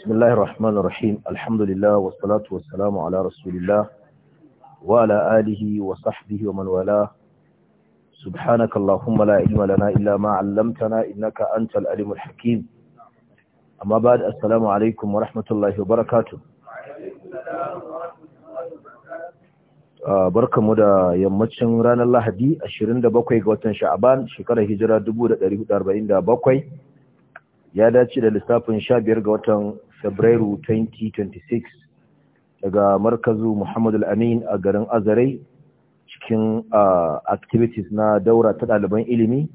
بسم الله الرحمن الرحيم الحمد لله والصلاة والسلام على رسول الله وعلى آله وصحبه ومن والاه سبحانك اللهم لا علم لنا إلا ما علمتنا إنك أنت العليم الحكيم أما بعد السلام عليكم ورحمة الله وبركاته barka mu da yammacin ranar lahadi 27 ga watan sha'aban shekarar hijira 1447 ya dace da lissafin 15 ga watan Fabrairu 2026 daga markazu Muhammadu Al’Amin amin a garin Azarai cikin ah, activities na daura ta ɗaliban ilimi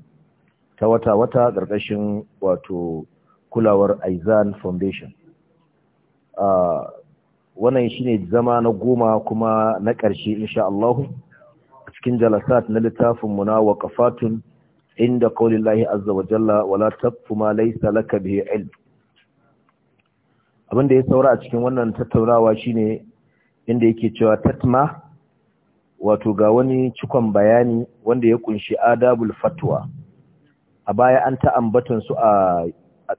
ta wata-wata ƙarƙashin wato kulawar Aizan Foundation. Ah, wannan shi ne zama na goma kuma na ƙarshe insha Allah cikin jalasat na littafinmu na waƙafatun inda kaulillahi azza wa jalla wala taqfu kuma laisa laka ilm abin da ya saura a cikin wannan tattaunawa shine inda yake cewa tatma wato ga wani cikon bayani wanda ya kunshi adabul fatwa a baya an ta ambatan su a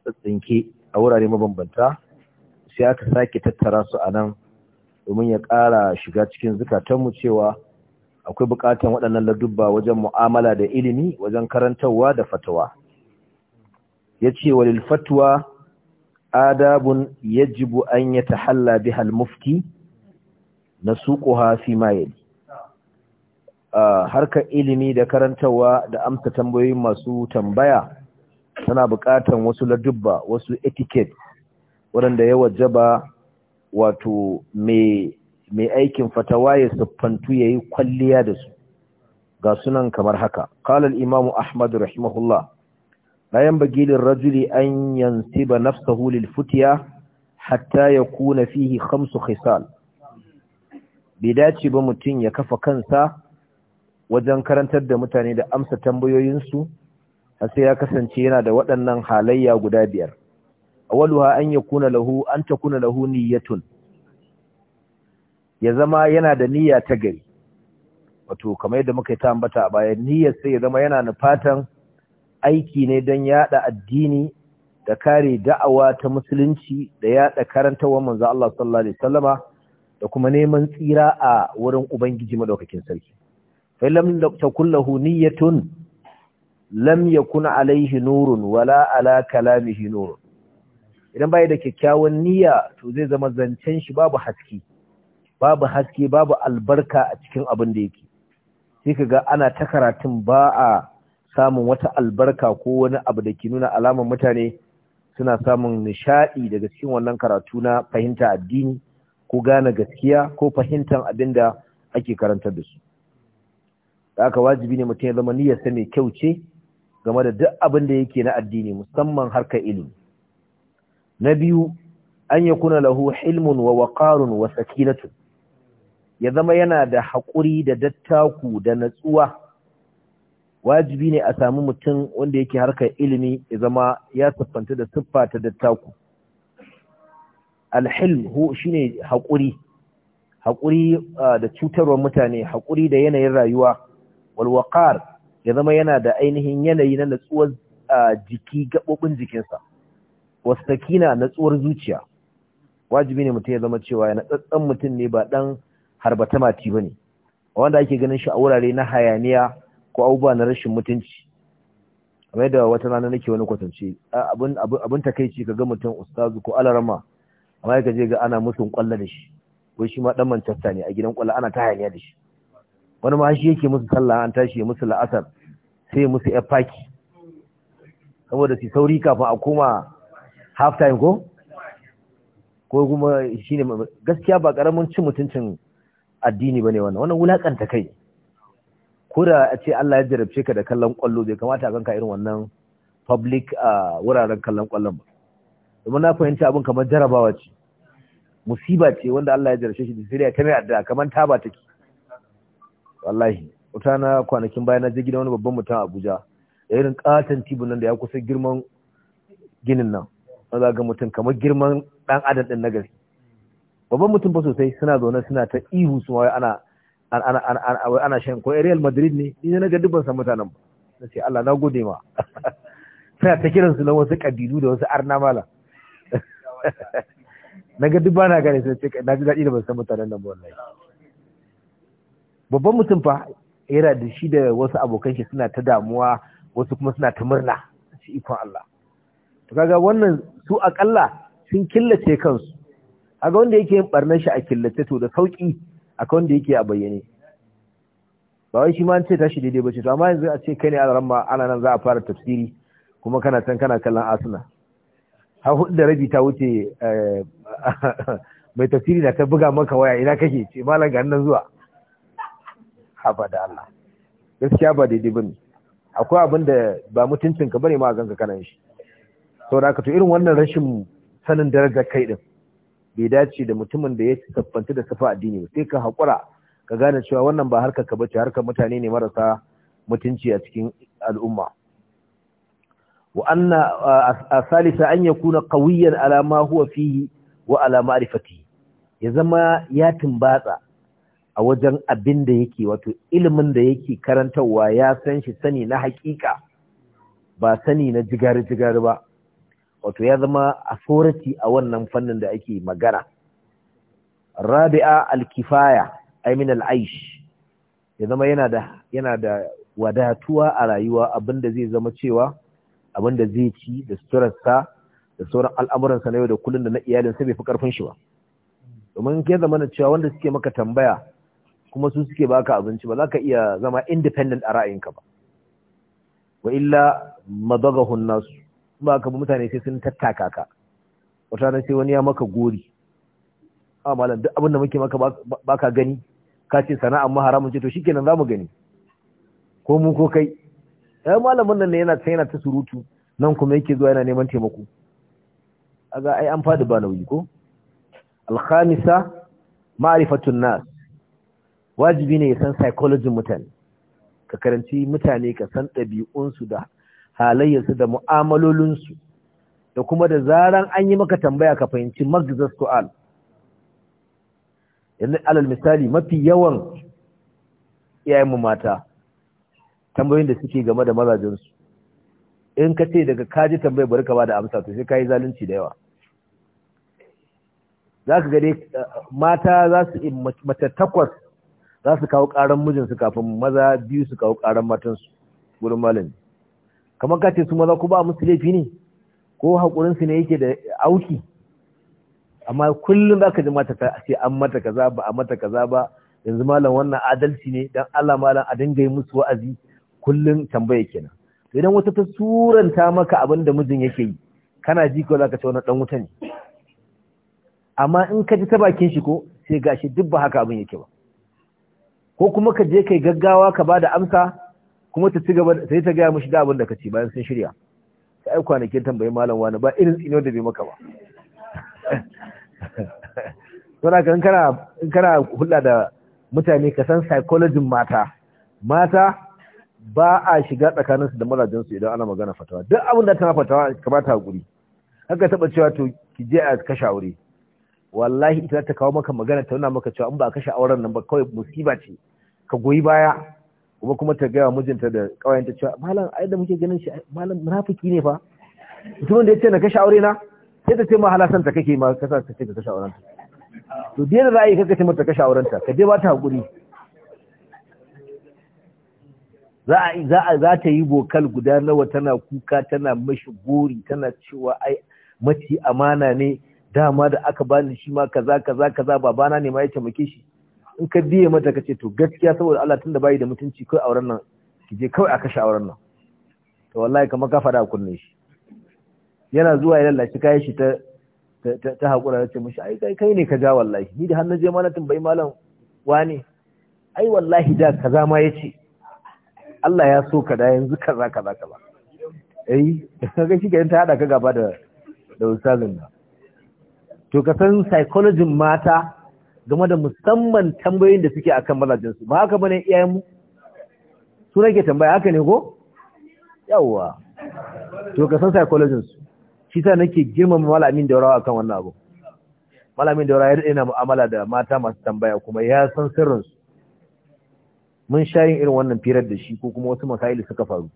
tsatsinke a wurare mabambanta sai aka sake tattara su a nan domin ya ƙara shiga cikin zukatanmu cewa akwai buƙatan waɗannan ladubba wajen mu'amala da ilimi wajen karantarwa da fatawa ya ce walil fatwa adabun yajibu an yatahalla biha al na nasuquha fi ma yali harkar ilimi da karantawa da amsa tambayoyi masu tambaya tana buƙatan wasu ladubba wasu etiquette waɗanda ya wajaba wato mai aikin fatawa ya siffantu yayi kwalliya da su ga sunan kamar haka qala imamu ahmadu rahimahullah la yanbaghi rajuli an yansiba nafsahu lilfutiya hatta yakuna fihi khamsu khisal bai dace ba mutum ya kafa kansa wajen karantar da mutane da amsa tambayoyinsu har sai ya kasance yana da waɗannan halayya guda biyar awaluha an yakuna lahu an takuna lahu niyyatun ya zama yana da niyya ta gari wato kamar yadda muka yi ta ambata a bayan niyyar sai ya zama yana nufatan aiki ne don yaɗa addini da kare da'awa ta musulunci da yaɗa karantawa manzo Allah sallallahu alaihi wasallama da kuma neman tsira a wurin ubangiji madaukakin sarki fa lam takun lahu niyyatun lam yakun alaihi nurun wala ala kalamihi nur idan bai da kyakkyawan niyya to zai zama zancen shi babu haske babu haske babu albarka a cikin abin da yake sai kaga ana ta karatun ba a samun wata albarka ko wani abu da ke nuna alamar mutane suna samun nishaɗi daga cikin wannan karatu na fahimta addini ko gane gaskiya ko fahimtar abin da ake karantar da su da aka wajibi ne mutum ya zama niyyarsa mai kyau ce game da duk abin da yake na addini musamman harkar ilimi na biyu an yi kuna lahu hilmun wa waƙarun wa sakinatu ya zama yana da haƙuri da dattaku da natsuwa wajibi ne a samu mutum wanda yake harkar ilimi ya zama ya siffanta da siffa ta dattaku alhilm hu shine haƙuri haƙuri ah, da cutarwar mutane haƙuri da yanayin rayuwa walwaƙar ya zama yana da ainihin yanayi na natsuwar ah, jiki gaɓoɓin jikinsa wasakina natsuwar zuciya wajibi ne mutum ya zama cewa yana tsatsan mutum ne ba ɗan harbata mati ba ne wanda ake ganin shi a wurare na hayaniya ko abubuwa na rashin mutunci kamar da wata rana nake wani kwatance abin abin takeici ga mutum ustazu ko alarama amma ka je ga ana musun kwalla da shi ko shi ma dan Manchester ne a gidan kwalla ana ta hayaniya da shi wani ma shi yake musu sallah an tashi musu la'asar sai musu ya faki saboda su sauri kafin a koma half time ko ko kuma shine gaskiya ba karamin cin mutuncin addini bane wannan wannan wulakanta kai koda a ce Allah ya jarabce ka da kallon kwallo bai kamata a ganka irin wannan public a wuraren kallon kwallon ba domin na fahimci abin kamar jarabawa ce musiba ce wanda Allah ya jarabce shi da siriya ta mai addu'a kamar ta take wallahi wata na kwanakin baya na je gidan wani babban mutum Abuja da irin katon tibin nan da ya kusa girman ginin nan za ga mutum kamar girman dan adam din na gari babban mutum ba sosai suna zaune suna ta ihu su ana ana shan ko Real Madrid ne ni na ga dubban san mutanen ba na ce Allah na gode ma sai ta kiran su na wasu kabilu da wasu arna mala na ga dubba na gane sai na ji daɗi da ban san mutanen nan ba wallahi babban mutum fa yana da shi da wasu abokan shi suna ta damuwa wasu kuma suna ta murna shi ikon Allah to kaga wannan su akalla sun killace kansu kaga wanda yake yin barnar shi a killace to da sauki akwai wanda yake a bayyane ba wai shi ma ce tashi daidai ba ce to amma yanzu a ce kai ne a ramma ana nan za a fara tafsiri kuma kana can kana kallon asuna har hudu da rabi ta wuce eh, mai tafsiri na ta buga maka waya ina kake ce malam ga nan zuwa haba da Allah gaskiya ba daidai bane akwai abin da ba mutuncin ka bane ma ganka kana shi saboda ka to irin wannan rashin sanin darajar kai din bai dace da mutumin da ya siffanta da safa addini sai ka haƙura ka gane cewa wannan ba harkar ka bace harkar mutane ne marasa mutunci a cikin al'umma wa anna asalisa an yakuna qawiyan ala ma huwa fihi wa ala ma'rifati ya zama ya tumbatsa a wajen abin da yake wato ilimin da yake karantarwa ya san shi sani na hakika ba sani na jigari-jigari ba wato ya zama authority a wannan fannin da ake magana rabi'a al-kifaya min al-aish ya zama yana da yana da wadatuwa a rayuwa abinda zai zama cewa abinda zai ci da suturarsa da sauran al'amuransa na yau da kullum da na iyalinsa bai fi karfin shi ba domin ke zama na cewa wanda suke maka tambaya kuma su suke baka abinci ba za ka iya zama independent a ra'ayinka ba wa illa madagahu nasu ba ka bi mutane sai sun tattaka ka wata ranar sai wani ya maka gori a malam duk abin da muke maka ba gani ka ce sana'a mu haramun ce to shikenan za mu gani ko mu ko kai ɗan eh, malamin nan ne yana ta yana ta surutu nan kuma yake zuwa yana neman taimako aga ai an fadi ba nauyi ko alkhamisa ma'rifatun nas wajibi ne ya san psychology mutane ka karanci mutane ka san ɗabi'unsu da halayyarsu da mu'amalolinsu da kuma da zaran an yi maka tambaya ka fahimci magzas su'al yanzu alal misali mafi yawan iyayenmu mata tambayoyin da suke game da mazajensu in ka ce daga kaji tambayar bari ka ba da amsa to sai ka yi zalunci da yawa za ka eh, mata za su yi mace takwas za su kawo ƙaran mijinsu kafin maza biyu su kawo ƙaran matansu gurin malami kamar ka ce su maza ku ba musu laifi ne ko haƙurin su ne yake da auki amma kullum zaka ji mata ka ce an mata kaza ba a mata kaza ba yanzu malam wannan adalci ne dan Allah malam a dinga yi musu wa'azi kullum tambaya kenan to idan wata ta suranta maka abin da mijin yake yi kana ji ko zaka ce wannan dan wuta ne amma in ka ji ta bakin shi ko sai gashi duk ba haka abin yake ba ko kuma ka je kai gaggawa ka bada amsa kuma ta ci gaba sai ta gaya mishi da abin da kace bayan sun shirya sai ai kwanakin tambayi malam wani ba irin tsino da bai maka ba to na kan kana in kana hulɗa da mutane ka san psychology mata mata ba a shiga tsakaninsu da mazajensu idan ana magana fatawa duk abin da tana fatawa kamata hakuri haka taba cewa to ki je a kashe aure wallahi ita ta kawo maka magana ta nuna maka cewa in ba a kashe auren nan ba kawai musiba ce ka goyi baya kuma kuma ta gaya mijinta da kawayenta cewa malam ai da muke ganin shi malam munafiki ne fa mutumin da yace na kashe aure na sai ta ce ma halasan ta kake ma kasa ta ce ka kashe auren ta to dai da ra'ayi kake ce mata kashe auren ta ka je ba ta hakuri za a za a za ta yi bokal guda nawa tana kuka tana mashi gori tana cewa ai mace amana ne dama da aka bani shi ma kaza kaza kaza babana ne ma ya taimake shi in ka biye mata ka ce to gaskiya saboda Allah tunda bai da mutunci kai auren nan ki je kawai a kashe auren nan to wallahi kamar ka fada kunne shi yana zuwa ya lallashi kai shi ta ta hakura ta ce mishi ai kai kai ne ka ja wallahi ni da hannun je mana bai malam wani ai wallahi da kaza ma yace Allah ya so ka da yanzu kaza kaza kaza eh kaga shi ka ta hada ka gaba da da ustazin nan to ka san psychology mata game da musamman tambayoyin da suke akan mazajensu ba haka bane iyayenmu su nake tambaya haka ne ko yawwa to ka san su shi ta nake girmama malamin daurawa akan wannan abu malamin daurawa ya daɗe na mu'amala da mata masu tambaya kuma ya san sirrinsu mun sha irin wannan firar da shi ko kuma wasu makaili suka faru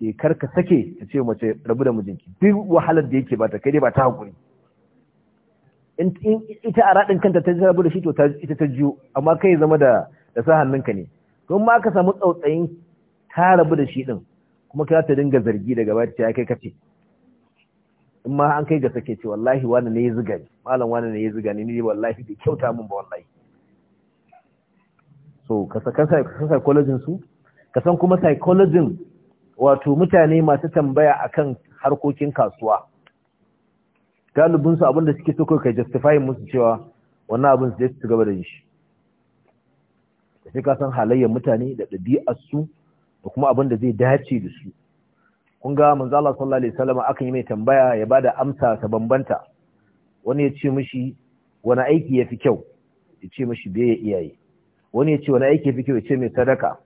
eh, kar karka sake ta ce mace rabu da mijinki duk wahalar da yake bata kai dai ba ta hakuri in ita a raɗin kanta ta rabu da shi to ita ta jiyo amma kai zama da da sa hannunka ne don ma ka samu tsautsayin ta rabu da shi din kuma ka ta dinga zargi daga ba ta kai kace in ma an kai ga sake ce wallahi wani ne ya ziga ni malam wani ne ya ziga ni ni wallahi bai kyauta min ba wallahi so ka san psychologin su ka san kuma psychologin wato mutane masu tambaya akan harkokin kasuwa galibin su abinda suke so kai justify musu cewa wannan abin su su gaba da shi sai ka san halayyar mutane da ɗabi'ar su da kuma abin da zai dace da su kun ga manzo Allah sallallahu alaihi wasallam akan yi mai tambaya ya bada amsa ta bambanta wani ya ce mishi wani aiki yafi kyau ya ce mishi ya iyaye wani ya ce wani aiki yafi kyau ya ce mai sadaka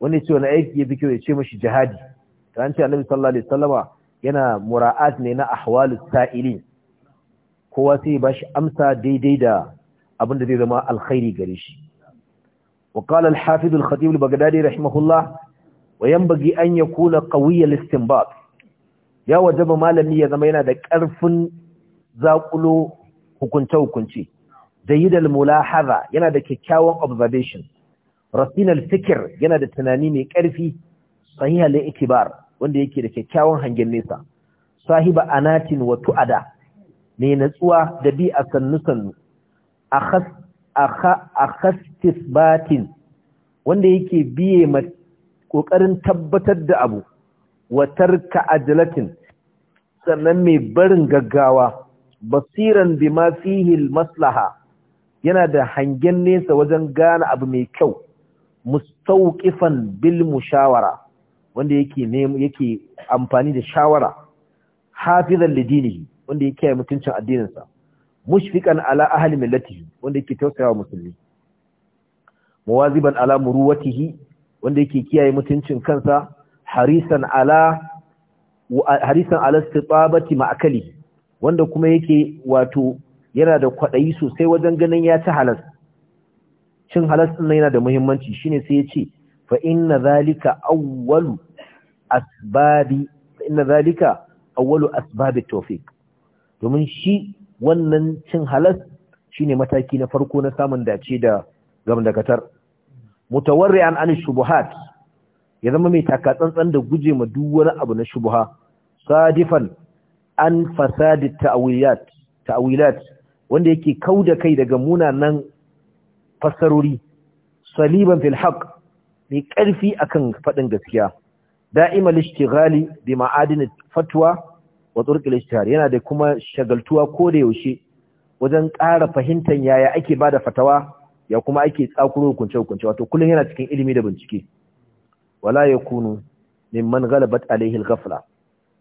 wani ya ce wani aiki yafi kyau ya ce mishi jihadi ta an ce annabi sallallahu alaihi wasallama yana mura'at ne na ahwalus sa'ilin kowa sai ba bashi amsa daidai da abinda da zai zama alkhairi gare shi wa qala al-hafiz al-khatib al-baghdadi rahimahullah wa yanbaghi an yakuna qawiy al-istinbat ya wajaba malami ya zama yana da karfin zakulo hukunta hukunci jayyid al-mulahaza yana da kyakkyawan observation rasin al-fikr yana da tunani mai karfi sahiha al-i'tibar wanda yake da kyakkyawan hangen nesa sahiba anatin wa tu'ada mai natsuwa da bi a sannu-sannu a khastis batin wanda yake biye ma ƙoƙarin tabbatar da abu watar ajalatin sannan mai barin gaggawa basiran bi ma fihil maslaha yana da hangen nesa wajen gane abu mai kyau mustauƙifan bil shawara, wanda yake amfani da shawara hafizan lidinihi wanda ya kiyaye mutuncin addininsa mushfiqan ala ahli millatihi wanda yake tausayawa musulmi muwaziban ala muruwatihi wanda yake kiyaye mutuncin kansa harisan ala harisan ala ma'akali wanda kuma yake wato yana da kwadayi sosai wajen ganin ya ci halas cin halas din yana da muhimmanci shine sai ya ce fa inna zalika awwalu asbabi inna zalika awwalu asbabi tawfiq domin shi wannan cin halas shine mataki na farko na samun dace da gamdakatar mutawarri'an an shubuhat ya zama mai takatsantsan da guje ma duk wani abu na shubuha sadifan an fasadit ta'wilat ta'wilat wanda yake kauda kai daga munanan fassarori saliban fil haqq mai karfi akan fadin gaskiya da'ima lishtighali bi ma'adin fatwa wa turqil ijtihad yana da kuma shagaltuwa ko da yaushe wajen ƙara fahimtar yaya ake bada fatawa ya kuma ake tsakuro hukunce hukunce wato kullum yana cikin ilimi da bincike wala ya yakunu mimman Galabat alaihi al-ghafla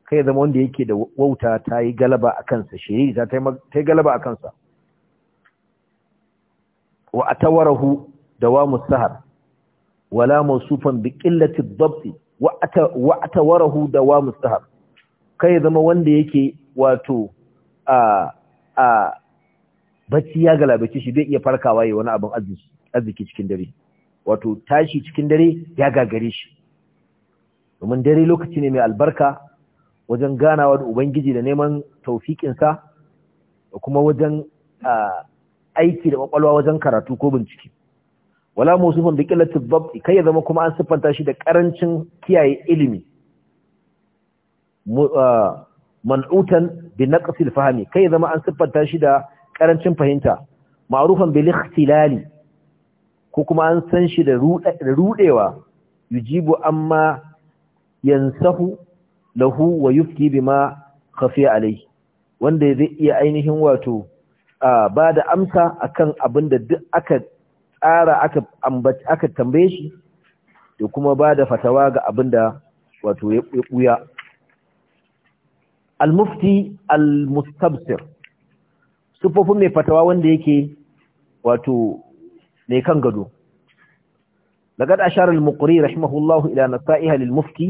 kai zama wanda yake da wauta ta yi galaba a kansa shiri ta yi galaba a kansa wa atawarahu dawamu sahar wala mawsufan bi qillati ad-dabt wa atawarahu dawamu sahar kai ya zama wanda yake wato a a bacci ya galabace shi zai iya farkawa ya wani abin arziki cikin dare wato tashi cikin dare ya gagare shi domin dare lokaci ne mai albarka wajen ganawa da ubangiji da neman sa da kuma wajen aiki da kwakwalwa wajen karatu ko bincike wala musufan bi qillati dhabt kai ya zama kuma an siffanta shi da karancin kiyaye ilimi Ah, man'utan bi naqsil fahmi kai zama an siffanta shi da karancin fahimta ma'rufan bil ikhtilali ko kuma an san shi da rudewa yujibu amma yansahu lahu wa yufki bima khafiya alayhi wanda zai iya ainihin wato ah, ba da amsa akan abin da duk aka tsara aka aka tambaye shi da kuma ba da fatawa ga abin da wato ya buya al-mufti al-mustabsir sufofin mai fatawa wanda yake wato mai kan gado laqad ashara al-muqri rahimahullahu ila nasaiha lil-mufti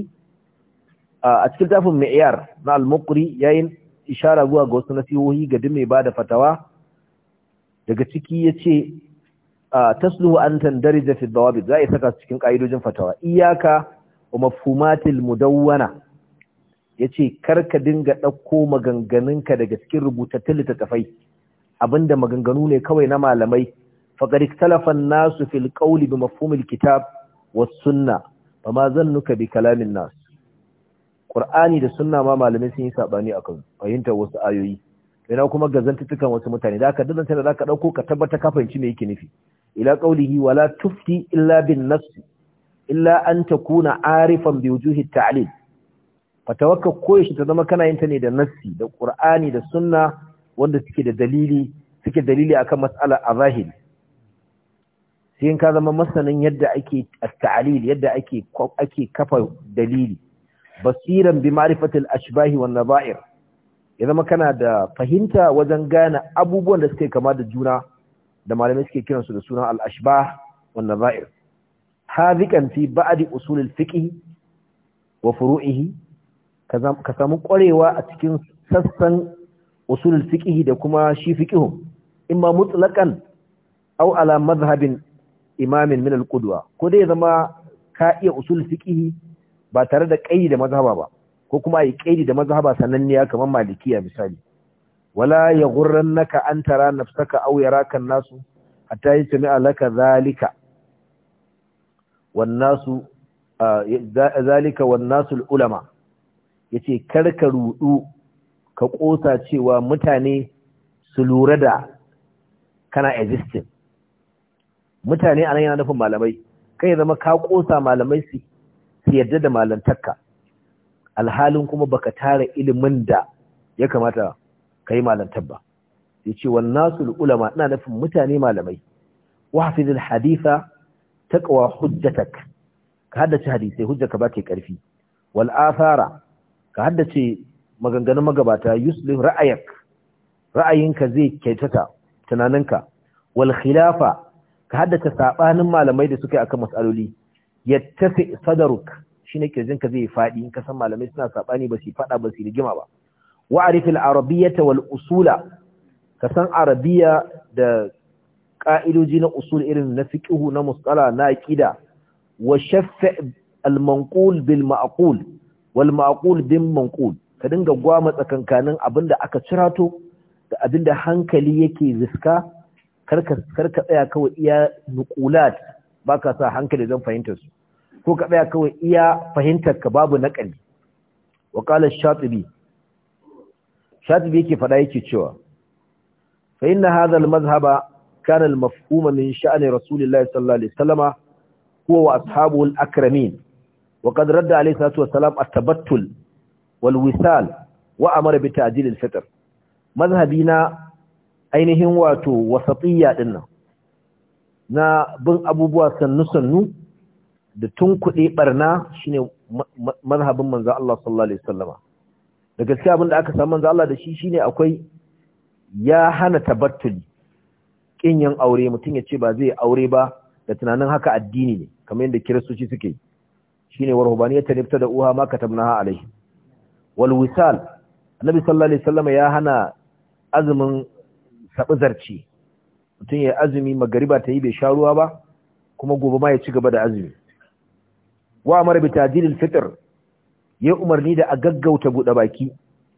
a cikin tafin mi'yar na al-muqri yayin ishara zuwa ga wasu nasihohi ga duk mai bada fatawa daga ciki yace tasluhu an tandarija fi dawabit za a saka cikin kaidojin fatawa iyaka wa mafhumatil mudawwana ya ce karka dinga ɗauko maganganunka daga cikin rubutattun littattafai abinda maganganu ne kawai na malamai faƙar talafan nasu fil ƙauli bi mafhumil kitab wa sunna ba ma zan nuka bi kalamin nasu ƙur'ani da sunna ma malamai sun yi saɓani a kan fahimtar wasu ayoyi na kuma gazantattukan wasu mutane da aka dazanta da ka ɗauko ka tabbata ka fahimci me yake nufi ila ƙaulihi wala tufti illa bin nafsi illa an takuna arifan bi wujuhi ta'lil fatawakka koyaushe ta zama kana yin ta ne da nassi da qur'ani da sunna wanda suke da dalili suke dalili akan mas'ala a zahiri sai in ka zama masanin yadda ake at-ta'lil yadda ake ake kafa dalili basiran bi ma'rifatil ashbahi wan nadha'ir ya zama kana da fahimta wajen gane abubuwan da suke kama da juna da malamai suke kiransu da suna al-ashbah wan nadha'ir hadikan fi ba'di usulil fiqh wa furu'ihi ka samu ƙwarewa a cikin sassan usulul fiqh da kuma shi fiqh imma mutlaqan aw ala madhhabin imamin min al-qudwa ko dai zama ka iya usul fiƙihi ba tare da kaidi da mazhaba ba ko kuma ai kaidi da mazhaba sananniya kamar malikiya misali wala yaghurrannaka an tara nafsaka aw yaraka an-nasu hatta yasmi'a laka zalika wan-nasu zalika wan-nasu al-ulama ya ce karka rudu ka ƙosa cewa mutane su lura da kana existing mutane a nan yana nufin malamai kai zama ka ƙosa malamai su yadda da malantarka alhalin kuma baka tara ilimin da ya kamata ka yi malantar ba ya ce wa nasu ulama ina nufin mutane malamai wahafizul haditha taqwa hujjatak ka haddace hadisai hujjaka ba ke karfi wal athara ka haddace maganganun magabata yuslih ra'ayak ra'ayinka zai kyautata tunaninka wal khilafa ka haddace sabanin malamai da suka yi akan matsaloli yattafi sadaruk shine kirjinka zai fadi in ka san malamai suna sabani ba su fada ba su rigima ba wa'rif al arabiyata wal usula ka san arabiya da ka'idoji na usul irin na fiqhu na musala na aqida wa shaffa al manqul bil ma'qul wal maqul bin manqul ka dinga gwama tsakankanin abinda aka cirato da abinda hankali yake ziska karka karka tsaya kawai iya nuqulat baka sa hankali don fahimtar su ko ka tsaya kawai iya fahimtar ka babu naqali wa qala shatibi shatibi yake fada yake cewa fa inna hadha al madhhaba kana al mafhuma min sha'ni rasulillahi sallallahu alaihi wasallama huwa wa ashabu akramin wa qad radda alayhi salatu wassalam at-tabattul wal wisal wa amara bi ta'jil al-fitr ainihin wato wasatiyya dinnan na bin abubuwa sannu sannu da tunkuɗe barna shine mazhabin manzo Allah sallallahu alaihi wasallama da gaskiya abin da aka samu manzo Allah da shi shine akwai ya hana tabattuli kin aure mutum ya ce ba zai yi aure ba da tunanin haka addini ne kamar yadda kiristoci suke yi shine wa rubaniyata nifta da uha ma katabnaha alaihi wal wisal annabi sallallahu alaihi wasallam ya hana azumin sabu zarci mutum ya azumi magariba ta yi bai sha ruwa ba kuma gobe ma ya ci gaba da azumi wa amara bi tadilil fitr ya umarni da a gaggauta buɗe baki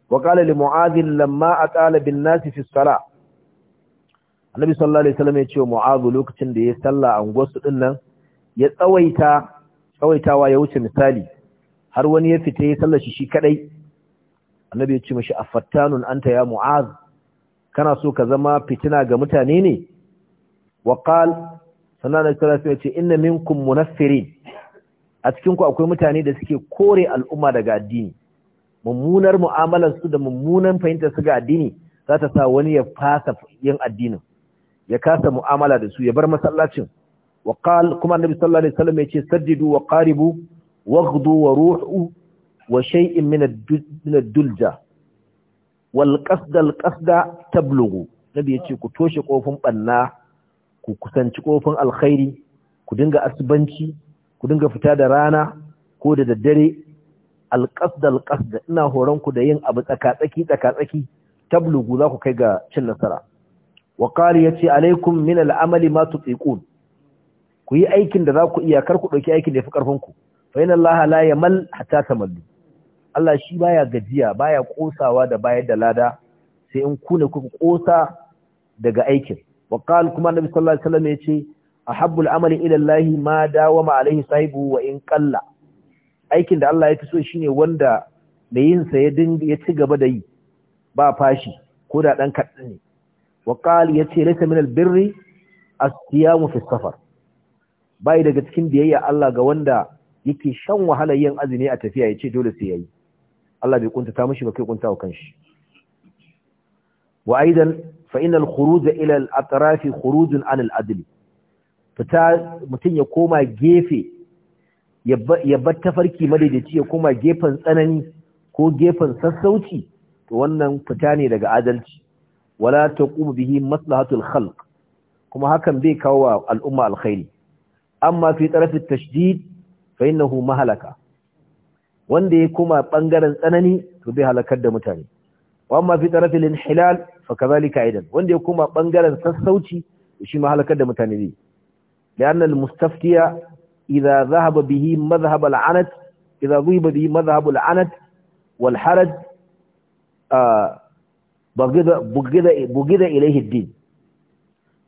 wa qala li mu'adhin lamma atala bin nas fi sala annabi sallallahu alaihi wasallam ya ce mu'adh lokacin da ya sallah a unguwarsu dinnan, ya tsawaita tsawaitawa ya wuce misali har wani ya fita ya sallashi shi kadai annabi ya ce mashi afattanun anta ya mu'az kana so ka zama fitina ga mutane ne wa qal sallallahu alaihi wasallam ya ce inna minkum munaffirin a cikin ku akwai mutane da suke kore al'umma daga addini mummunar mu'amalar su da mummunan fahimtar su ga addini za ta sa wani ya fasa yin addinin ya kasa mu'amala da su ya bar masallacin wa qal kuma annabi sallallahu alaihi wasallam yace saddidu wa qaribu waghdu wa ruhu wa shay'in min dulja wal qasda al qasda tablughu nabi yace ku toshe kofin banna ku kusanci kofin alkhairi ku dinga asbanci ku dinga fita da rana ko da daddare alqasda alqasda ina horon ku da yin abu tsaka tsaki tsaka tsaki tablugu za ku kai ga cin nasara wa qali yace alaikum min al'amali ma tutiqun ku yi aikin da za ku iya kar ku ɗauki aikin da ya fi ƙarfinku fa Allah la ya mal hatta tamallu Allah shi baya gajiya baya ƙosawa da bayar da lada sai in ku ne kuka ƙosa daga aikin wa kuma annabi sallallahu alaihi wasallam ya ce ahabbul amali ila Allah ma dawama alaihi sahibu wa in qalla aikin da Allah ya fi so shine wanda da yin sa ya dinga ya ci gaba da yi ba fashi ko da dan kaɗan ne wa ce, yace laysa min albirri as-siyamu fi safar bai daga cikin biyayya Allah ga wanda yake shan wahalar yin azumi a tafiya ya ce dole sai yayi Allah bai kunta ta mishi ba kai kunta wa kanshi wa aidan fa innal khuruj ila al atraf khuruj an al adl fita mutun ya koma gefe ya bar tafarki madaidaici ya koma gefen tsanani ko gefen sassauci to wannan fita ne daga adalci wala taqumu bihi maslahatul khalq kuma hakan bai kawo al'umma alkhairi amma fi tarafin tashdid fa innahu mahalaka wanda ya kuma bangaren tsanani to bai halakar da mutane wa amma fi tarafin inhilal fa kadhalika aidan wanda ya kuma bangaren sassauci shi ma halakar da mutane ne لأن المستفتي إذا ذهب به مذهب العنت إذا ذهب به مذهب العنت والحرج بغض, بغض, بغض إليه الدين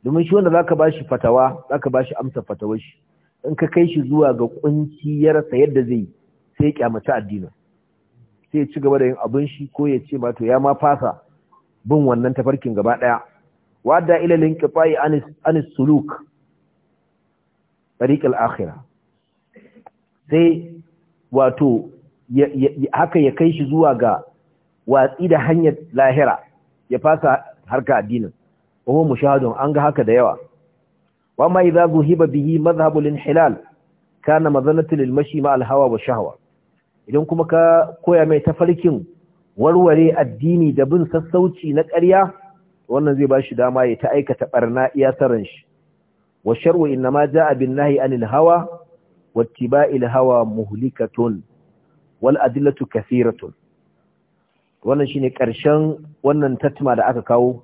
domin shi wanda ba shi fatawa zaka shi amsa fatawar shi in ka kai shi zuwa ga ya rasa yadda zai sai ya kyamata addinin sai ya ci gaba da yin abin shi ko ya ce ma ya ma fasa bin wannan tafarkin gaba daya wadda ila linqifai anis anis suluk tariq al-akhirah sai wato haka ya kai shi zuwa ga watsi da hanyar lahira ya fasa harka addinin mu mushahadun an ga haka da yawa wa ma idza zuhiba bihi madhhabu al-inhilal kana mazallatu lil ma Alhawa wa idan kuma ka koya mai tafarkin warware addini da bin sassauci na ƙarya wannan zai bashi dama ya ta aikata barna iya saran shi wa shar'u inma jaa bin nahyi anil hawa wattiba'il hawa muhlikatun wal adillatu kathiratun wannan shine ƙarshen wannan tatma da aka kawo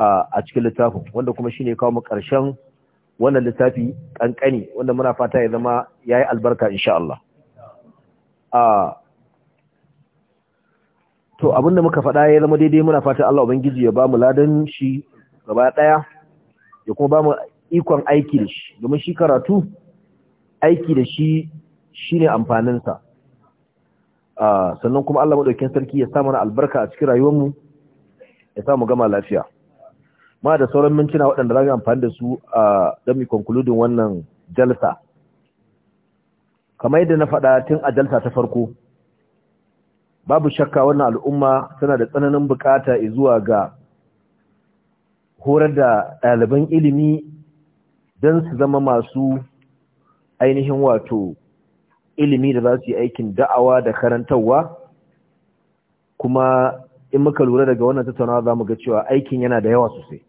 a cikin littafin wanda kuma shine kawo mu ƙarshen wannan littafi kankani wanda muna fata ya zama yayi albarka insha Allah a to abinda muka faɗa ya zama daidai muna fata Allah ubangiji ya bamu ladan shi gaba ɗaya, ya kuma bamu ikon aiki da shi domin shi karatu aiki da shi shine amfanin sa sannan kuma Allah madaukakin sarki ya sa mana albarka a cikin rayuwar mu ya sa mu gama lafiya ma da sauran mintuna waɗanda za mu amfani da su a don mu wannan jalsa kamar yadda na faɗa tun a jalsa ta farko babu shakka wannan al'umma tana da tsananin bukata zuwa ga horar da ɗaliban ilimi don su zama masu ainihin wato ilimi da za su yi aikin da'awa da karantarwa kuma in muka lura daga wannan tattaunawa za mu ga cewa aikin yana da yawa sosai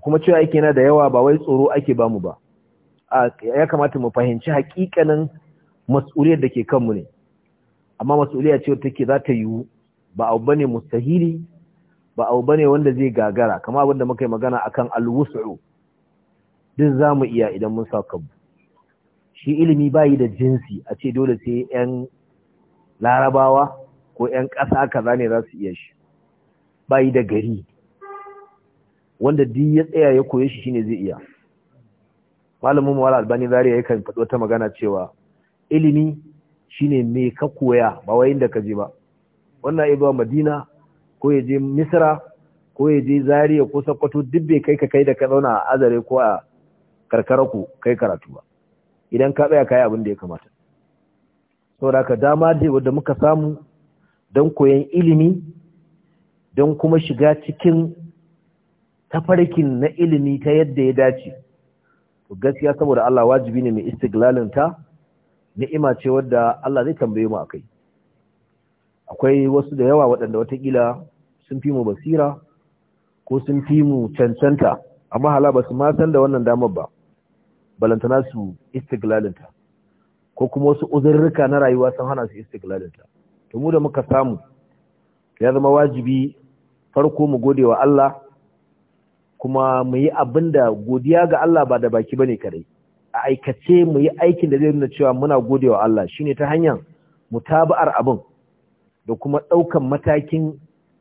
kuma cewa ake yana da yawa ba wai tsoro ake bamu ba ya kamata mu fahimci hakikanin mas'uliyar da ke kanmu ne amma mas'uliya ce take za ta yiwu ba abu ne mustahili ba abu ne wanda zai gagara kama abin da muka yi magana akan alwus'u duk za mu iya idan mun sa kanmu shi ilimi bayi da jinsi a ce dole sai 'yan larabawa ko 'yan ƙasa kaza ne za su iya shi Ba yi da gari wanda duk ya tsaya ya koye shi shine zai iya malamin mu wala albani zariya yakan fado wata magana cewa ilimi shine me ka koya ba wai inda ka je ba wannan ibo madina ko yaje je misra ko yaje je zariya ko sokoto duk bai kai ka kai da ka zauna a azare ko a karkara ku kai karatu ba idan ka tsaya kai abin da ya kamata saboda ka dama dai wanda muka samu don koyan ilimi don kuma shiga cikin tafarkin na ilimi ta yadda ya dace to gaskiya saboda Allah wajibi ne mai istiglalin ta ni'ima ce wadda Allah zai tambaye mu akai akwai wasu da yawa waɗanda watakila sun fi mu basira ko sun fi mu cancanta amma hala ba su ma san da wannan damar ba balantana su ta ko kuma wasu uzurruka na rayuwa sun hana su ta to mu da muka samu ya zama wajibi farko mu gode wa Allah kuma mu yi abin da godiya ga Allah ba da baki bane kare a aikace mu yi aikin da zai nuna cewa muna gode wa Allah shine ta hanyar mutaba'ar abin da kuma ɗaukan matakin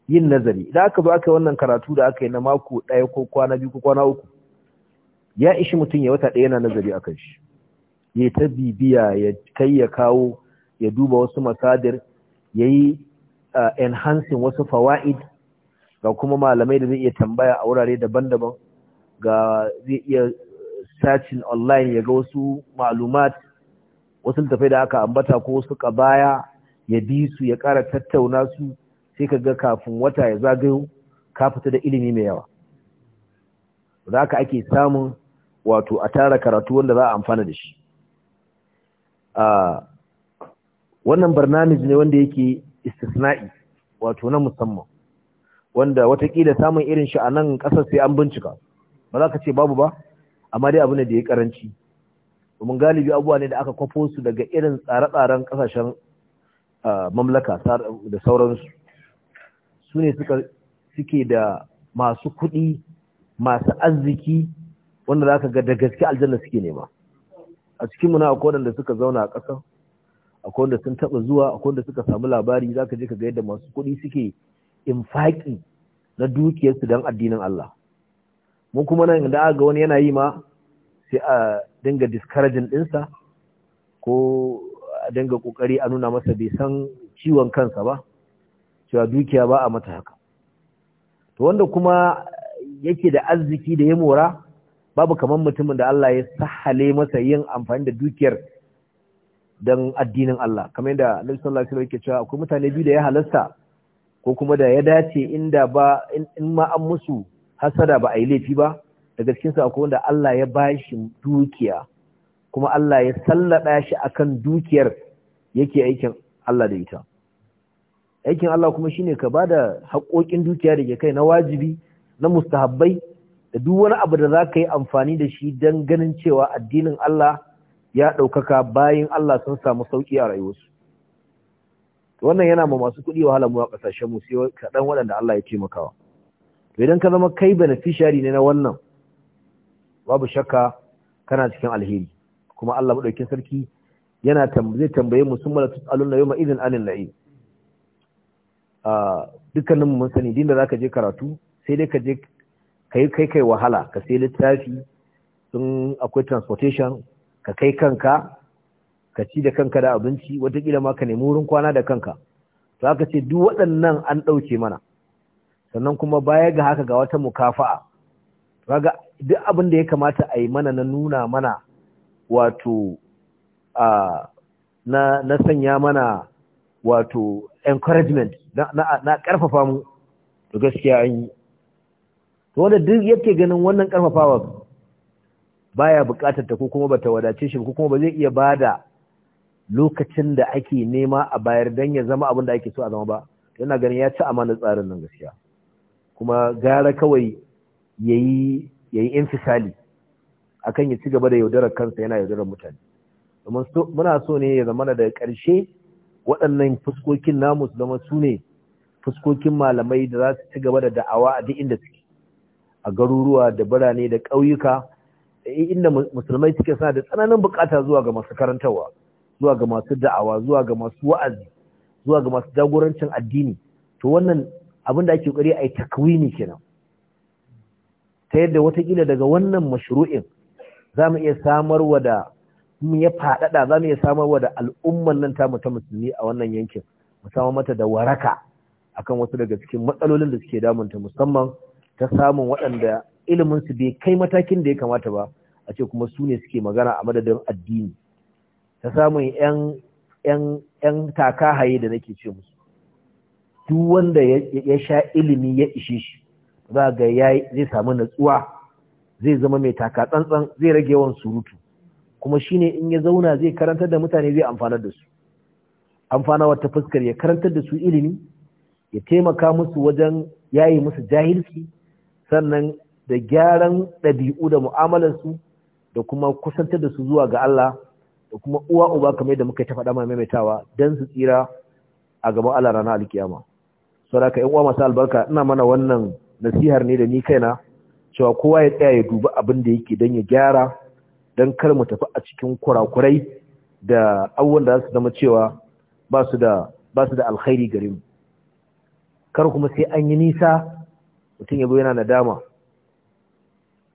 yin nazari idan aka zo aka yi wannan karatu da aka yi na mako ɗaya ko kwana biyu ko kwana uku ya ishi mutum ya wata ɗaya na nazari a kan shi ya ta bibiya ya kai ya kawo ya duba wasu masadir ya yi ah, enhancing wasu fawa'id ga kuma malamai da zai iya tambaya a wurare daban-daban ga zai iya searching online ya ga wasu malumat wasu tafai da aka ambata ko wasu baya ya bi su ya kara tattauna su sai ka ga kafin wata ya zagayo ka fita da ilimi mai yawa da ka ake samun wato a tara karatu wanda za a amfana da shi wannan barnamij ne wanda yake istisna'i wato na musamman wanda watakila samun irin shi a nan ƙasar sai an bincika ba za ka ce babu ba amma dai abu ne da ya karanci domin galibi abubuwa ne da aka kwafo su daga irin tsare-tsaren ƙasashen mamlaka da sauransu su ne suke da masu kuɗi masu arziki wanda za ka ga da gaske aljanna suke nema a cikin muna akwai wanda suka zauna a ƙasa akwai wanda sun taɓa zuwa akwai wanda suka samu labari za ka je ka ga yadda masu kuɗi suke infaki na dukiyarsu don addinin Allah mu kuma nan da aka ga wani yana yi ma sai a dinga discouraging ɗinsa ko a dinga ƙoƙari a nuna masa bai san ciwon kansa ba cewa dukiya ba a mata haka to wanda kuma yake da arziki da ya mora babu kamar mutumin da Allah ya sahale masa yin amfani da dukiyar don addinin Allah kamar yadda Nabi sallallahu alaihi wasallam yake cewa akwai mutane biyu da ya halasta ko kuma da ya dace inda ba in ma an musu hasada ba a yi laifi ba daga su akwai wanda Allah ya bashi dukiya kuma Allah ya sallada shi akan dukiyar yake aikin Allah da ita aikin Allah kuma shine ka ba da haƙoƙin dukiya da ke kai na wajibi na mustahabbai da duk wani abu da za ka yi amfani da shi don ganin cewa addinin Allah ya ɗaukaka bayan Allah sun samu sauƙi a rayuwarsu wannan yana ma masu kuɗi wahala mu a ƙasashen mu sai kaɗan waɗanda Allah ya taimakawa to idan ka zama kai beneficiary ne na wannan babu shakka kana cikin alheri kuma Allah madaukakin sarki yana zai tambaye mu sun mala tus'alun na ma idin anin la'i a ah, dukkanin mun sani din da zaka je karatu sai dai ka je kai kai kai wahala ka sai littafi sun akwai transportation ka kai kanka ka ci da kanka da abinci watakila ma ka nemi wurin kwana da kanka to aka ce duk waɗannan an ɗauke mana sannan kuma baya ga haka ga wata mukafa'a kaga duk abin da ya kamata a yi mana na nuna mana wato a na na sanya mana wato encouragement na na karfafa mu to gaskiya an yi to wanda duk yake ganin wannan karfafawa baya bukatar ta ko kuma bata wadace shi ko kuma ba zai iya bada lokacin da ake nema a bayar don ya zama abin da ake so a zama ba yana ganin ya ci amana tsarin nan gaskiya kuma gara kawai ya yi infisali akan ya ci gaba da yaudarar kansa yana yaudarar mutane muna so ne ya zama da ƙarshe waɗannan fuskokin namu su zama su ne fuskokin malamai da za su ci gaba da da'awa a duk inda suke a garuruwa da birane da ƙauyuka eh, inda musulmai suke suna da tsananin bukata zuwa ga masu karantarwa zuwa ga masu da'awa zuwa ga masu wa'azi zuwa ga masu jagorancin addini to wannan abin da ake kokari ai takwini kenan ta yadda watakila daga wannan mashru'in za mu iya wa da mun ya faɗaɗa za mu iya samarwa da al'umman nan tamu ta musulmi a wannan yankin mu samar mata da waraka akan wasu daga cikin matsalolin da suke damunta musamman ta samun waɗanda iliminsu bai kai matakin da ya kamata ba a ce kuma su ne suke magana a madadin addini da samun yan yan yan takahaye da nake ce musu duk wanda ya sha ilimi ya ishe shi za ga yi zai samu natsuwa zai zama mai taka tsantsan zai rage yawan surutu kuma shi ne in ya zauna zai karantar da mutane zai amfanar da su amfana wata fuskar ya karantar da su ilimi ya taimaka musu wajen yayi musu jahilci sannan da gyaran ɗabi'u da mu'amalarsu da kuma kusantar da su zuwa ga Allah da kuma uwa uba kamar yadda muka ta faɗa mai maimaitawa dan su tsira a gaban Allah rana alkiyama saboda yan uwa masu albarka ina mana wannan nasihar ne da ni kaina cewa kowa ya tsaya ya duba abin da yake dan ya gyara dan kar mu tafi a cikin kurakurai da abubuwan da za su zama cewa ba su da ba su da alkhairi gare mu kar kuma sai an yi nisa mutum ya yana nadama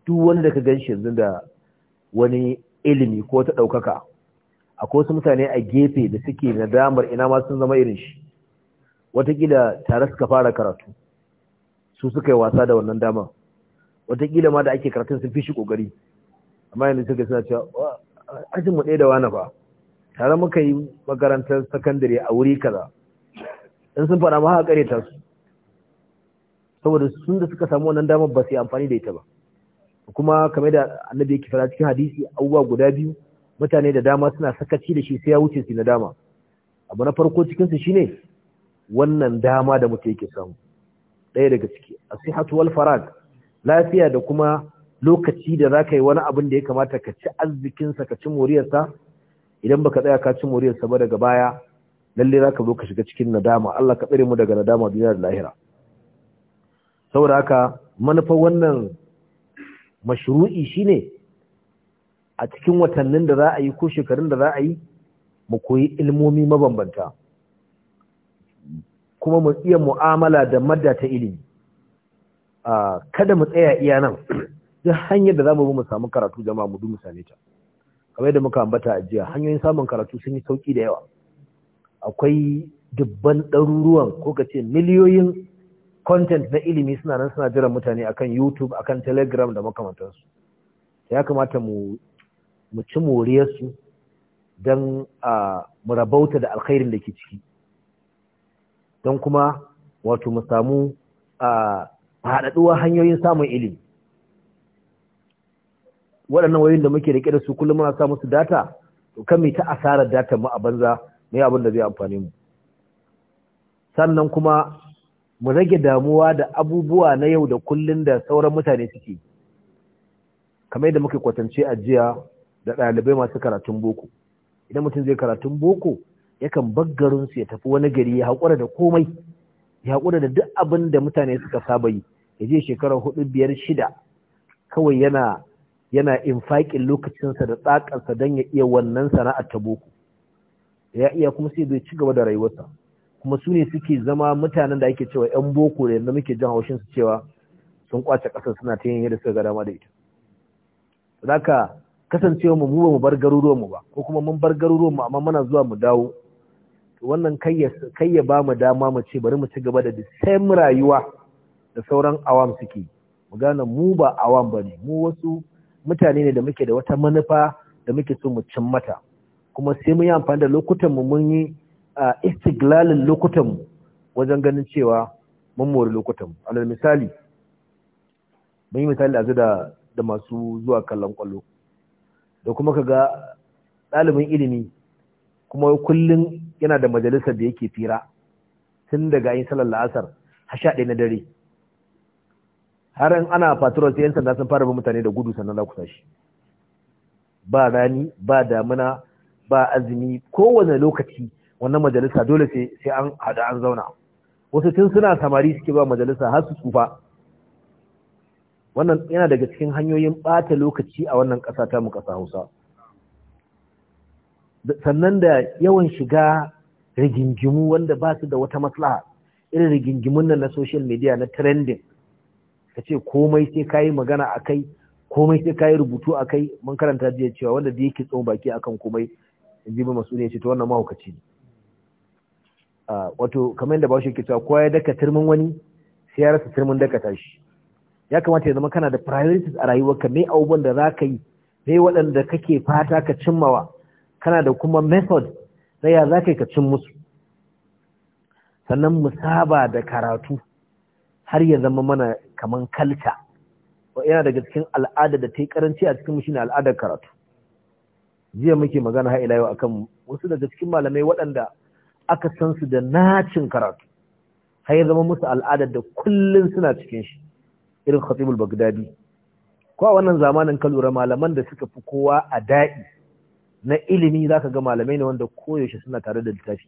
duk wani ka ganshi yanzu da wani ilimi ko ta ɗaukaka akwai wasu mutane a gefe da suke damar ina ma sun zama irin shi watakila tare suka fara karatu su suka yi wasa da wannan dama watakila ma da ake karatun sun fi shi kokari amma yanzu suka suna cewa ajin mu ɗaya da wani fa tare muka yi makarantar sakandare a wuri kaza in sun fara ma haka ta su saboda sun da suka samu wannan damar ba su yi amfani da ita ba kuma kamar da annabi yake fara cikin hadisi abubuwa guda biyu mutane da dama suna sakaci da shi sai ya wuce su na dama abu na farko cikinsu shine wannan dama da mutum yake samu ɗaya daga ciki asihatu wal farag lafiya da kuma lokaci da zaka yi wani abin da ya kamata ka ci arzikinsa ka ci moriyarsa idan baka tsaya ka ci moriyarsa ba daga baya lalle zaka zo ka shiga cikin nadama Allah ka tsare mu daga nadama duniya da lahira saboda haka manufar wannan mashru'i shine a cikin watannin da za a yi ko shekarun da za a yi mu koyi ilmomi mabambanta kuma mu iya mu'amala da madda ta ilimi kada mu tsaya iya nan duk hanyar da za mu bi mu samu karatu jama'a mu mu same ta kamar da muka ambata a jiya hanyoyin samun karatu sun yi sauki da yawa akwai dubban ɗaruruwan ko ka ce miliyoyin content na ilimi suna nan suna jiran mutane akan YouTube akan Telegram da makamantansu ya kamata mu mu ci moriyarsu don mu rabauta da alkhairin da ke ciki don kuma wato mu samu haɗaɗuwa hanyoyin samun ilimi waɗannan wayoyin da muke riƙe da su kullum muna samun su data to kan ta asarar data mu a banza mu yi abin da zai amfani mu sannan kuma mu rage damuwa da abubuwa na yau da kullum da sauran mutane suke kamar yadda muke kwatance a jiya da ɗalibai masu karatun boko idan mutum zai karatun boko yakan baggarin su ya tafi wani gari ya haƙura da komai ya haƙura da duk abin da mutane suka saba yi ya je shekara hudu biyar shida kawai yana yana infaƙin lokacinsa da tsakarsa don ya iya wannan sana'ar ta boko ya iya kuma sai bai ci gaba da rayuwarsa kuma su ne suke zama mutanen da ake cewa yan boko da yanzu muke jin haushin su cewa sun kwace ƙasar suna ta yin yadda suka ga dama da ita zaka kasancewa mu ba mu bar garuruwan mu ba ko kuma mun bar garuruwan mu amma muna zuwa mu dawo wannan kai ya ba mu dama mu ce bari mu ci gaba da the same rayuwa da sauran awam suke mu gane mu ba awam bane mu wasu mutane ne da muke da wata manufa da muke so mu cin mata kuma sai mun yi amfani da lokutan mu mun yi istiglalin lokutan mu wajen ganin cewa mun mori lokutan mu alal misali mun yi misali da da masu zuwa kallon kwallo da kuma ka ga ɗalibin ilimi kuma kullum yana da majalisar da yake fira tun daga yin salar la'asar har sha ɗaya na dare har in ana faturar sai 'yan sanda sun fara bin mutane da gudu sannan za shi ba rani ba damina, ba azumi kowane lokaci wannan majalisa dole sai an haɗu an zauna wasu tun suna samari suke ba majalisa har su tsufa wannan yana daga cikin hanyoyin ɓata lokaci a wannan ƙasa ta mu ƙasa hausa sannan da yawan shiga rigingimu wanda ba su da wata maslaha irin rigingimun nan na social media na trending ka ce komai sai ka yi magana a kai komai sai ka yi rubutu a kai mun karanta jiya cewa wanda da yake tsawon baki akan komai in ji ba masu ne ce ta wannan mahaukaci ne ah, wato kamar yadda ba shi ke cewa kowa ya daka turmin wani sai ya rasa turmin daka tashi ya kamata ya zama kana da priorities a rayuwarka me abubuwan da za ka yi me waɗanda kake fata ka cimmawa kana da kuma method na ya za ka yi ka cin musu sannan mu saba da karatu har ya zama mana kaman kalta yana daga cikin al'ada da ta yi karanci a cikin shi ne al'adar karatu jiya muke magana ha'ila yau akan wasu daga cikin malamai waɗanda aka san su da nacin karatu har ya zama musu al'adar da kullum suna cikin shi irin khatibul bagdadi ko a wannan zamanin ka lura malaman da suka fi kowa a da'i na ilimi zaka ga malamai ne wanda koyaushe suna tare da littafi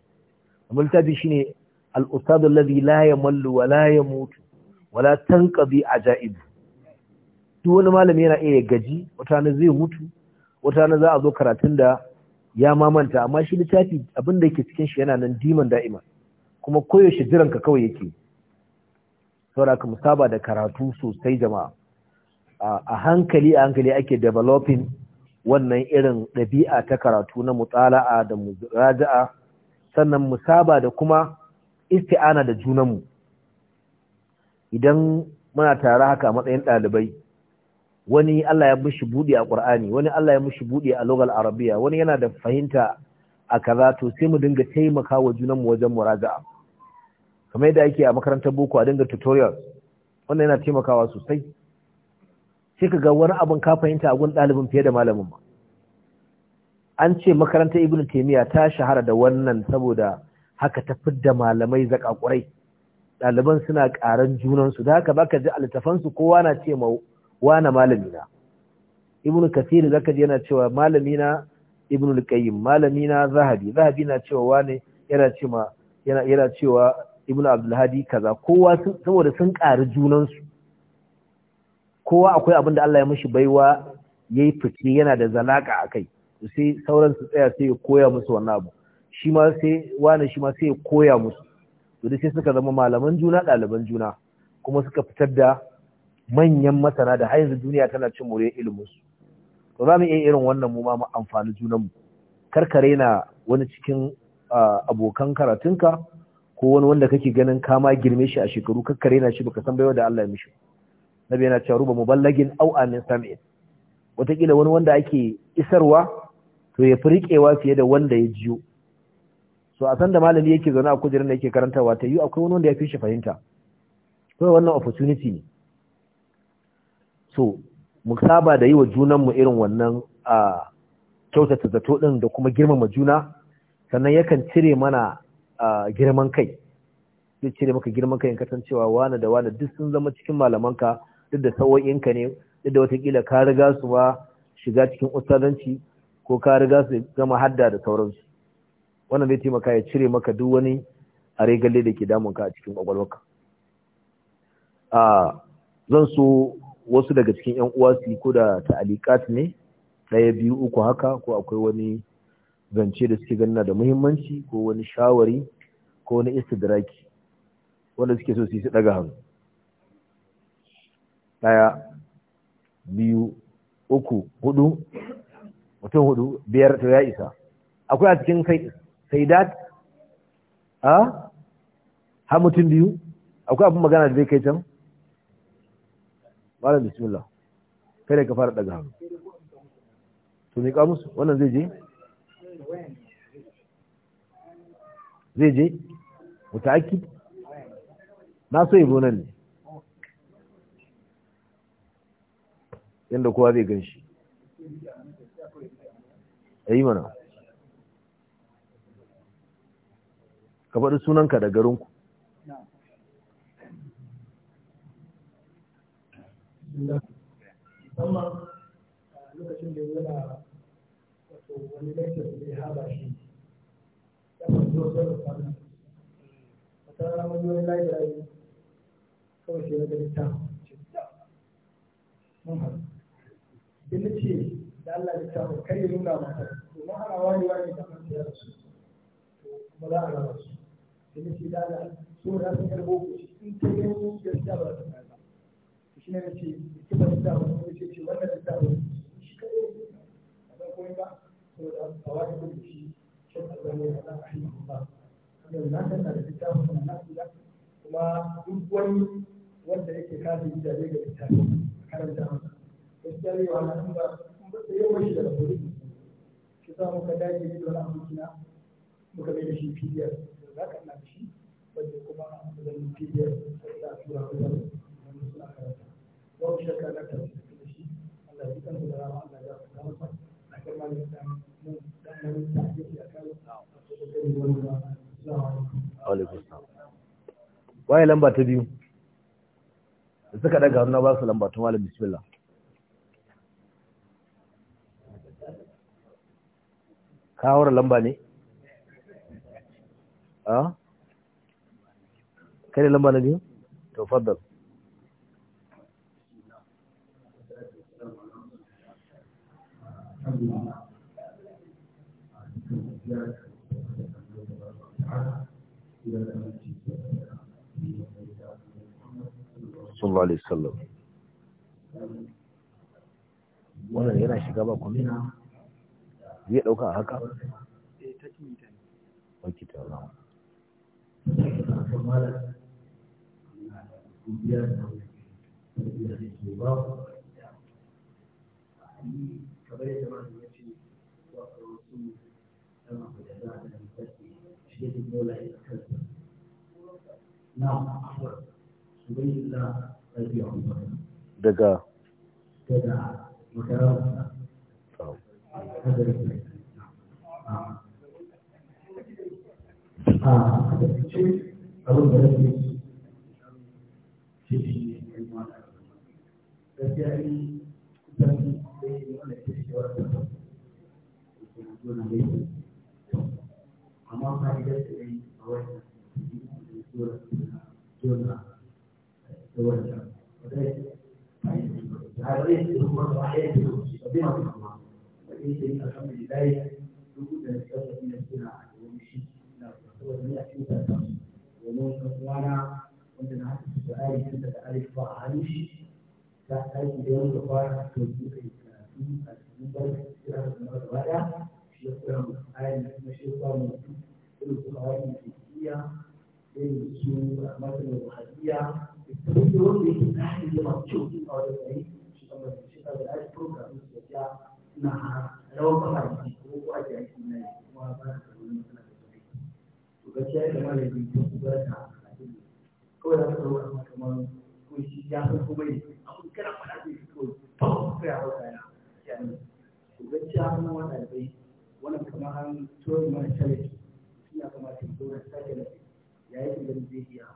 amma littafi shine al-ustadu alladhi la yamallu wa la yamutu wa la tanqadi ajaib duk wani malami yana iya gaji wata na zai mutu wata na za a zo karatun da ya mamanta amma shi littafi abinda da yake cikin shi yana nan diman da'ima kuma koyaushe jiranka kawai yake saboda ka musaba da karatu sosai jama'a a hankali a hankali ake developing wannan irin ɗabi'a ta karatu na mutsala'a da raja'a, sannan musaba da kuma isti'ana da junanmu idan muna tare haka matsayin ɗalibai wani Allah ya mishi buɗe a ƙur'ani wani Allah ya mishi buɗe a logal arabiya wani yana da fahimta a kaza to sai mu dinga taimaka wa junanmu wajen muraja'a kamar yadda ake a makarantar boko a dinga tutorials wannan yana taimakawa sosai sai ka ga wani abin ka fahimta a gun ɗalibin fiye da malamin ba an ce makarantar ibn taimiyya ta shahara da wannan saboda haka ta fidda malamai kurai ɗaliban suna ƙaran junansu da haka baka ji a su kowa na ce ma malami malamina ibn kasiri zaka ji yana cewa malamina ibn al-qayyim malamina zahabi zahabi na cewa wani yana yana cewa ibnu abdulhadi kaza kowa saboda sun ƙari junansu kowa akwai abin da Allah ya mashi baiwa yayi fice yana da zalaka akai sai sauran su tsaya sai ya koya musu wannan abu shi ma sai wani shi ma sai ya koya musu to sai suka zama malaman juna ɗaliban juna kuma suka fitar da manyan masana da har yanzu duniya tana cin moriyar ilimin su to za mu iya irin wannan mu ma mu amfani junanmu karkare na wani cikin ah, abokan karatunka ko wani wanda kake ganin kama girme shi a shekaru kakkare na shi baka san baiwa da Allah ya mishi nabi yana cewa ruba muballagin aw amin sam'in wataƙila wani wanda ake isarwa to ya fi fiye da wanda ya jiyo so a san da malami yake zaune a kujerar da yake karantawa ta akwai wani wanda ya fi shi fahimta to wannan opportunity ne so mu saba da yi wa junanmu irin wannan a kyautata zato ɗin da kuma girmama juna sannan yakan cire mana girman kai zai cire maka girman kai in kasancewa wane da wane duk sun zama cikin malamanka duk da sawo'inka ne duk da watakila ka riga su ma shiga cikin ustazanci ko ka riga su gama hadda da sauransu wannan zai taimaka ya cire maka duk wani a regale da ke ka a cikin kwakwalwarka zan so wasu daga cikin 'yan uwa su yi ko da ta'alikat ne ɗaya biyu uku haka ko akwai wani zance da suke ganna da muhimmanci ko wani shawari ko wani istidraki wanda suke so su yi su daga hannu daya biyu uku hudu mutum hudu biyar to ya isa akwai a cikin dat a ha mutum biyu akwai abin magana da zai kai can malam bismillah kada ka fara daga hannu to miƙa musu wannan zai je zai je wata aki na so yi gonan ne yadda kowa zai gan shi ya yi mana ka faɗi sunanka da garinku lokacin da yana to wani laifin da ya haɓa shi ya fito sai da kwana wata rana wani wani laifin kawai sai na gani ta mun haɗu sai ce da Allah ya tafi kar ya nuna mata domin ana warewa ne da ya rasu to kuma za a raba su sai ce da Allah da su karbo in ta gani gaskiya ba ta kai ba shi ne na ce ki ba ta ba ce ce wannan ta ba shi kai ba ba ba فواكب في شيخ الألباني رحمه الله أن الناس تنا wanda yake kafin gidaje ga littafi karanta masa gaskiya ne wa nan ba da yawan shi daga police shi sa muka dage da wani abokina muka mai da shi pdf za ka ina da shi wanda kuma zan pdf da a tura wa zan wanda suna karanta babu shakka na karanta da shi Allah ya kan da rama Allah ya kan waye lamba ta biyu da suka daga na ba su lamba ta malam bismillah kawar lamba ne? a? kai lamba na biyu? to faddal Thank you. sallallahu alaihi wasallam wannan yana shiga ba kuma zai dauka a haka eh ta kimita ne waki ta Allah kamar yadda daga daga makararsa a da cikin abin da rage shi shi ne gaskiya yi kusan da yi wanda ke shi wata da ke na amma fa'idar da yi a wannan sura sura da wannan wadai تعريف الأمة وحياته بما في الله فإنت الحمد لله وجود الإسلام في نفسنا ومشي ومن أطلعنا ومن عهد السؤال كنت تعرف وعايش فأي يوم تقارن توجيه في المنبر في هذا المرة ولا شيخ قام آل مشيخ قام irin su kawai fiskiya irin su matan wahabiya da kuma wanda yake a wajen shi kan shi kan program da ya na rawar kafa ne ko ko a ji aiki na kuma ba da wani matsala da to yi ta ta da ko shi ya kuma zai fito kawai ta ya hau kaya wannan an tori challenge ya kamata ya zaura ta da ya yi idan zai iya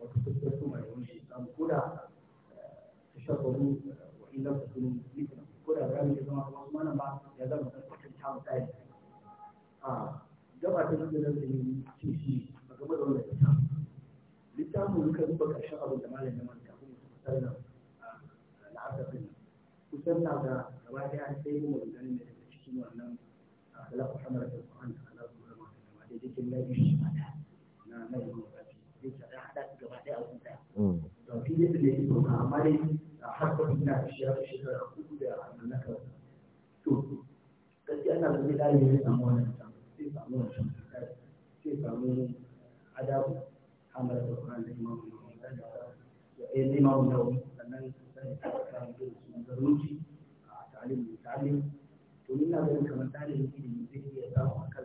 wata tattar su mai wani shi koda eh, ta shafa eh, mu wa illa ta sun nufin koda ba mu zama kuma kuma nan ba ya zama ta mu a gaba ta nan da yin shi a gaba da littafin littafin duka abin da malam ya manta kuma su kusa da la'asar din kusan na da gaba ɗaya sai mu ne daga cikin wannan alaƙa hamarar da da da jikin na biyu shi mata na na yi zai tsada haɗa su gaba ɗaya a kun ɗaya mm. to fi yadda ne ido ka amma dai a har da na da shi fi shekara uku da hannun na kawai to gaskiya ana zai ɗaya ne samu wannan samu sai samu wannan samu sai samu adabu hamar da kuma da imamu da imamu nawawi sannan sai ta karanto su zarunci a ta'alim da ta'alim domin na ganin kamar tarihin ilimi zai iya samu a kan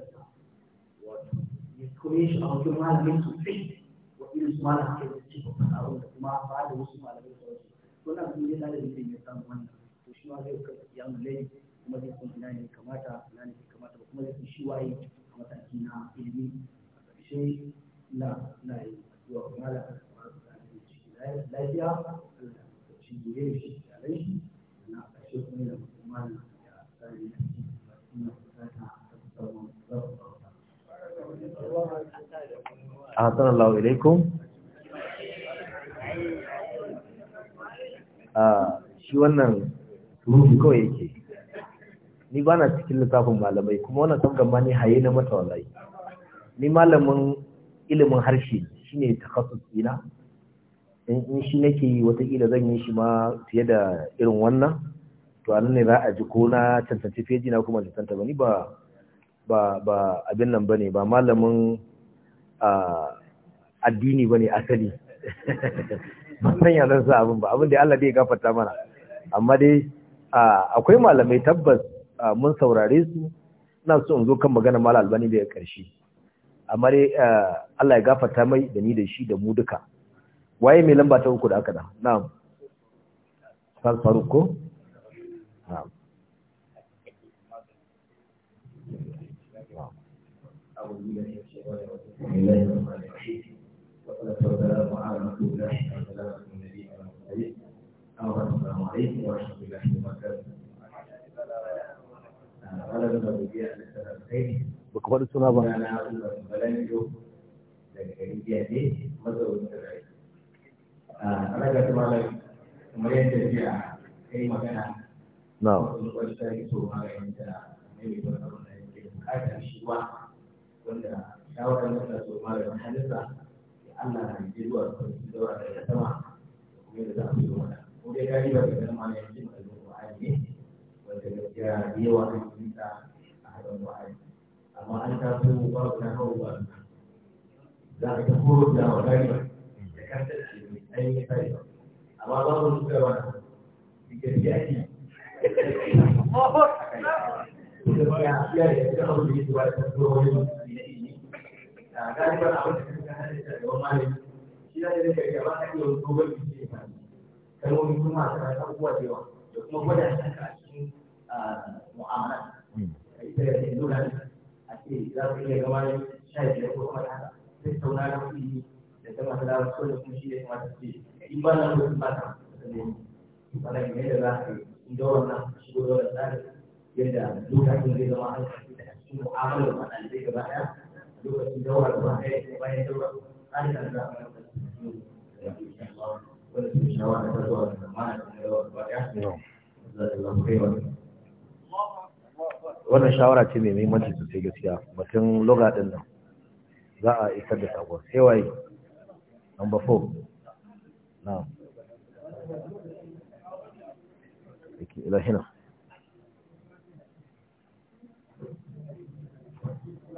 koyeshi a wajen malamin sosai wa irin su malamin ke da cikin fasahun da kuma ba da wasu malamai da wasu wannan na kuma yana da ya samu wannan to shi ma zai kai ya mulai kuma zai san ina ne kamata ina ne kamata ba kuma zai shi waye a mataki na ilimi a ƙarshe na na yi addu'a ga malamin lafiya Allah ci shi da na ƙarshe kuma yana malamin ya tsari da shi ahsan Allah ilaikum ah, shi wannan rufi kawai yake ni ba na cikin lissafin malamai kuma wannan sabgan ma ne haye na mata wallahi ni malamin ilimin harshe shine takassus ina in shi nake yi watakila zan yi shi ma fiye da irin wannan to anan ne za a ji ko na cancanci feji na kuma cancanta ba ni ba ba abin nan bane ba malamin addini bane asali ba san yanar sa abin ba abin da Allah bai gafarta mana amma dai akwai malamai tabbas mun saurare su ina so in zo kan magana malam albani da ya karshe amma dai Allah ya gafarta mai da ni da shi da mu duka waye mai lamba ta uku da aka da na'am faruko na'am أعوذ بالله من الشيطان الرجيم بسم الله الرحمن الرحيم والصلاة والسلام على رسول الله وسلام النبي المرسلين أما بعد السلام عليكم ورحمة الله وبركاته قال ابن الربيع السلام عليكم بكبر السنة بقى أنا أقول لك بلان جو لكن دي مزور السبعين أنا قلت معلم مريم ترجع أي مكان نعم. wanda shawarar da ta so malamin halitta ya Allah na yi zuwa sun ci zaura daga sama da kuma yadda za a yi wata ko dai gari ba da zama ya ci malamin wa'adi ne wanda gaskiya da yawa an yi ta a haɗin wa'adi amma an taso babu na hau ba za a ta horo da wa gari ba da kanta da shi an yi ta yi amma babu su gaba da gaskiya ne Yeah, yeah, yeah. a galibar abin da malami shi da zai kai gaba da yawa kuma gwada mu'amala za iya gama sha ko kuma sai da kuɗi da ta masu da kuma na lokacin ba yadda lokacin zai zama an da cikin mu'amalar ma ɗalibai gaba wannan shawara ce mai mahimmanci sosai gaskiya batun loga din nan za a isar da sabo sai waye number 4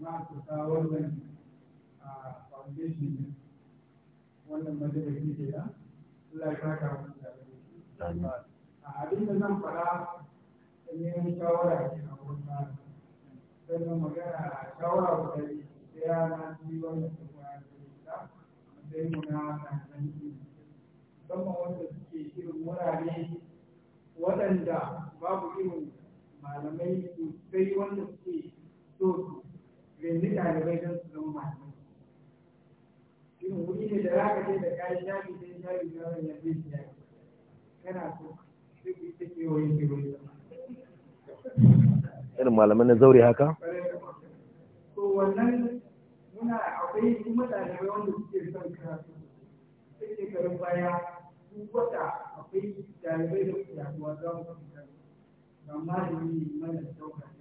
ma'aikata wannan a foundation ne wannan majalisi ke da Allah ya saka musu da a abin da zan fara ne shawara ke a wurin Sai sannan magana a shawara guda sai ɗaya na ji wannan da kuma ya ce ta matsayin mu na kanzanci musamman wanda suke irin wurare waɗanda babu irin malamai sosai wanda suke so su yanzu ɗalibai don su zama malamai irin wuri ne da za ka je da kayan shafi don jami na wani yanzu ya yi kana so sai ku ita ya zama irin malamai na zaure haka? to wannan muna akwai kuma ɗalibai wanda suke son karatu sai karin baya duk wata akwai ɗalibai da suke yaduwa za mu fita amma da yi mana ɗaukar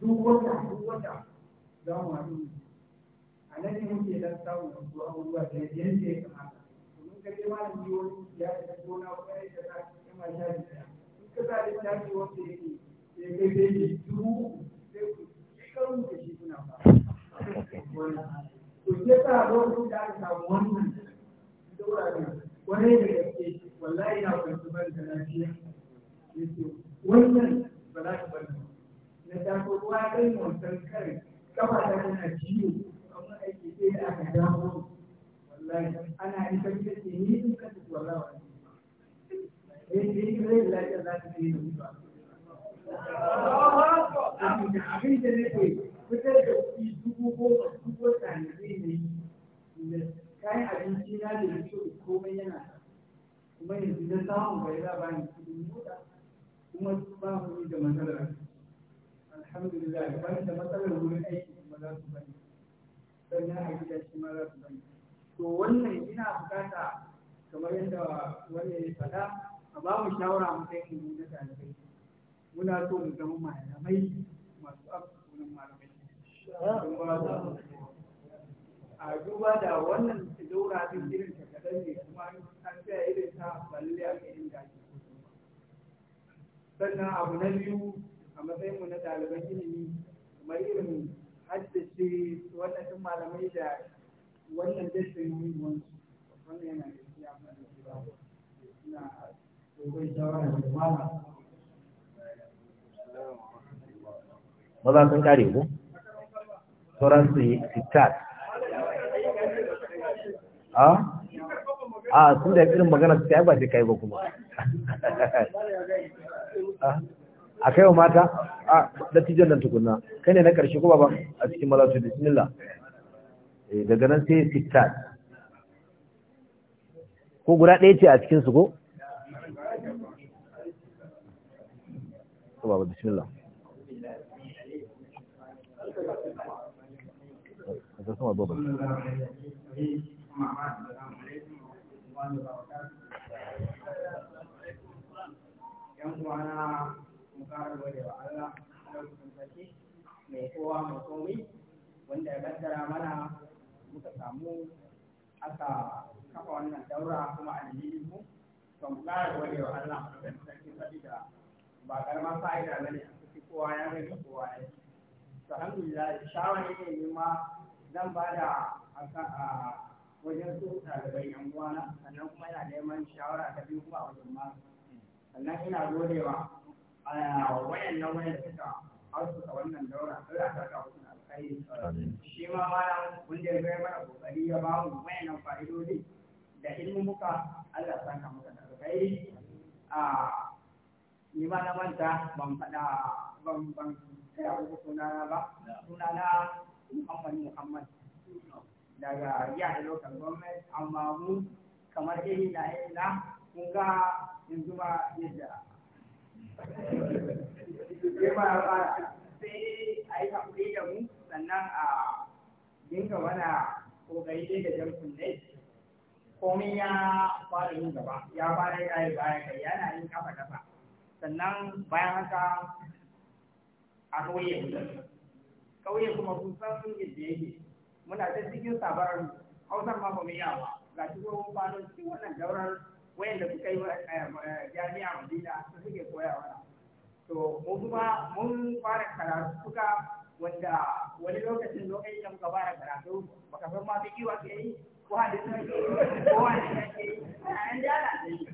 duk wata duk wata za mu haɗu a nan ne muke dan samun wasu abubuwa da yadda ya kamata domin ka je malam ji wani ya da gona kwarai ka kama sha da ɗaya in ka sa da tashi wanda yake sai kai sai duhu sai ku da shi kuna ba to sai sa lokacin da aka samu wannan daura ne kwarai da gaske wallahi na kwanci da lafiya mai gida shi su bani to wannan ina bukata kamar yadda wani ya faɗa a ba mu shawara mu kai mu na ɗalibai muna so mu zama malamai masu abubuwan malamai a duba da wannan daura din irin ta kaɗan ne kuma an tsaya irin ta balle a ga inda ake sannan abu na biyu a matsayin mu na ɗaliban ilimi kamar irin haddace wannan malamai da wannan dattin muhimmanci maza sun kare ku sauran su yi sitat a sun da irin magana su ta yi ba sai kai ba kuma a kai wa mata a dattijan nan tukunna kai ne na ƙarshe ko ba a cikin malatu su bismillah eh, daga nan sai sittat ko guda ɗaya ce a cikin su ko ko ba bismillah ka sama babba ƙara da wa Allah mai kowa mai wanda ya kaddara mana muka samu aka kafa wannan daura kuma a dalilin mu wa Allah ɗaukakin sarki saboda ba karamar fa'ida ba ne a cikin kowa ya kowa ya ji alhamdulillah ne ma zan ba da a wajen su ɗalibai yan uwana sannan kuma yana neman shawara ta biyu kuma a wajen ma sannan ina godewa wayan nan wayan suka harsuka wannan daura Allah ya saka musu na alkhairi eh, shi ma wanda ya gaya mana kokari ya ba mu wayan nan fa'idodi da ilmi muka Allah ya saka muka da alkhairi a ni ma na manta ban faɗa ban ban kai abu sunana ba sunana Muhammad Muhammad daga yahya local government amma mu kamar iri na iri na kun ga yanzu ba yadda sai a yi da mu sannan a dinga mana ƙoƙari dai da jan kunne komai ya fara yin gaba ya fara yi baya kai yana yin kafa kafa sannan bayan haka a ƙauye wutar ƙauye kuma kun san sun yadda yake muna ta cikin sabar hausar ma ba yawa ga cikin wani cikin wannan daurar wayanda suka yi eh, jami'a madina su suke koya mana to mu kuma mun fara karatu suka wanda wani lokacin lokacin da muka fara karatu baka san ma biki wa ke yi ko hadisi ke yi ko wani ke yi an da ana da yi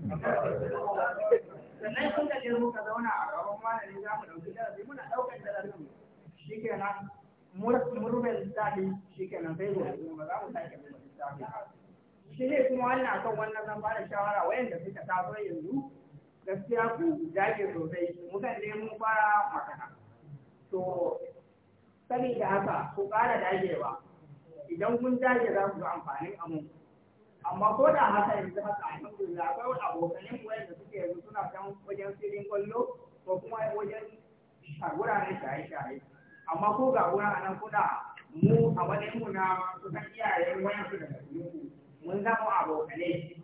sannan kun da jirgin ka zauna a gaban malami za mu ɗauki darasi muna ɗaukar darasin shikenan mun rufe shi shikenan sai gobe ba za mu sake rufe littafi shi ne kuma wannan akan wannan zan bada shawara wayanda suka taso yanzu gaskiya ku dage sosai mukan ne mu fara makana to saboda haka ku ƙara dagewa idan kun dage za ku ga amfanin mu amma ko da haka yanzu haka alhamdulillah akwai abokanin mu wayanda suke yanzu suna can wajen filin kwallo ko kuma wajen wuraren shaye-shaye amma ko ga wuraren kuna mu a wani mu na kusan iyayen wayansu daga cikin ku mun zama abokanai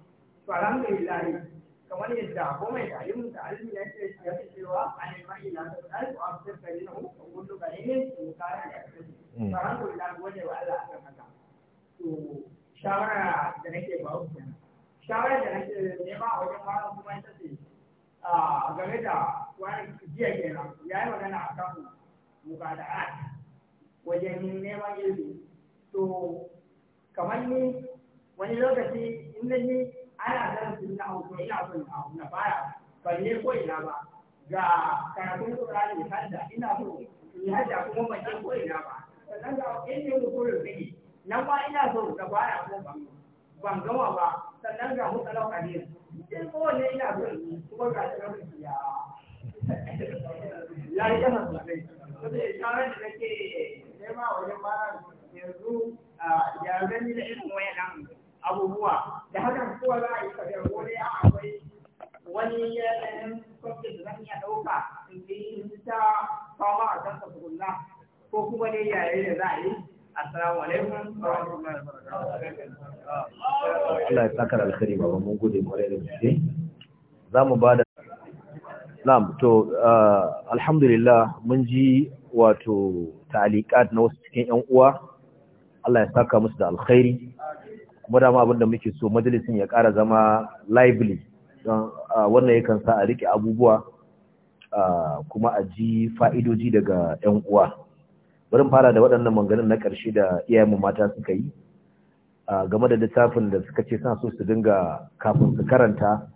to alhamdulillah kamar yadda goma da alimun da alimun ya ce ya ce cewa a nema ila ta tsari ko abu da kare na hukun gudu ga ne su kara da kasance mm. to alhamdulillah gode wa Allah akan haka to shawara da nake ba ku kenan shawara da nake nema a wajen malam kuma ita ce a game da wani jiya kenan ya yi magana a kan mukada'at wajen neman ilimi to kamar ni wani lokaci in na ji ana darasin na hau ina son na hau na baya ban yi ko ina ba ga karatun Qur'ani da hadda ina so in hadda kuma ban je ko ina ba sannan ga ilmin usulul fiqh nan ba ina so da baya ko ban ban gama ba sannan ga mutsalau kadir sai ko wanne ina so kuma ga tsarkin ya ya yi yana sosai saboda shawarar da nake nema wajen ba yanzu ya zan yi da irin wayan nan abubuwa da hakan kowa za a yi kafin ko dai a akwai wani yanayin eh, kwamfin da zan iya ɗauka in yi ta fama a kan kasuwa ko kuma dai yare da za a yi assalamu alaikum wa Allah ya saka alkhairi baba mun gode more da gaske za mu ba da Na'am to eh, alhamdulillah mun ji wato ta'aliqat na wasu cikin ƴan uwa Allah ya saka musu da alkhairi kuma dama abin da muke so majalisin ya kara zama lively don wannan yakan sa a rike abubuwa kuma a ji fa'idoji daga 'yan uwa bari fara da waɗannan manganin na ƙarshe da iyayenmu mata suka yi game da littafin da suka ce suna so su dinga kafin su karanta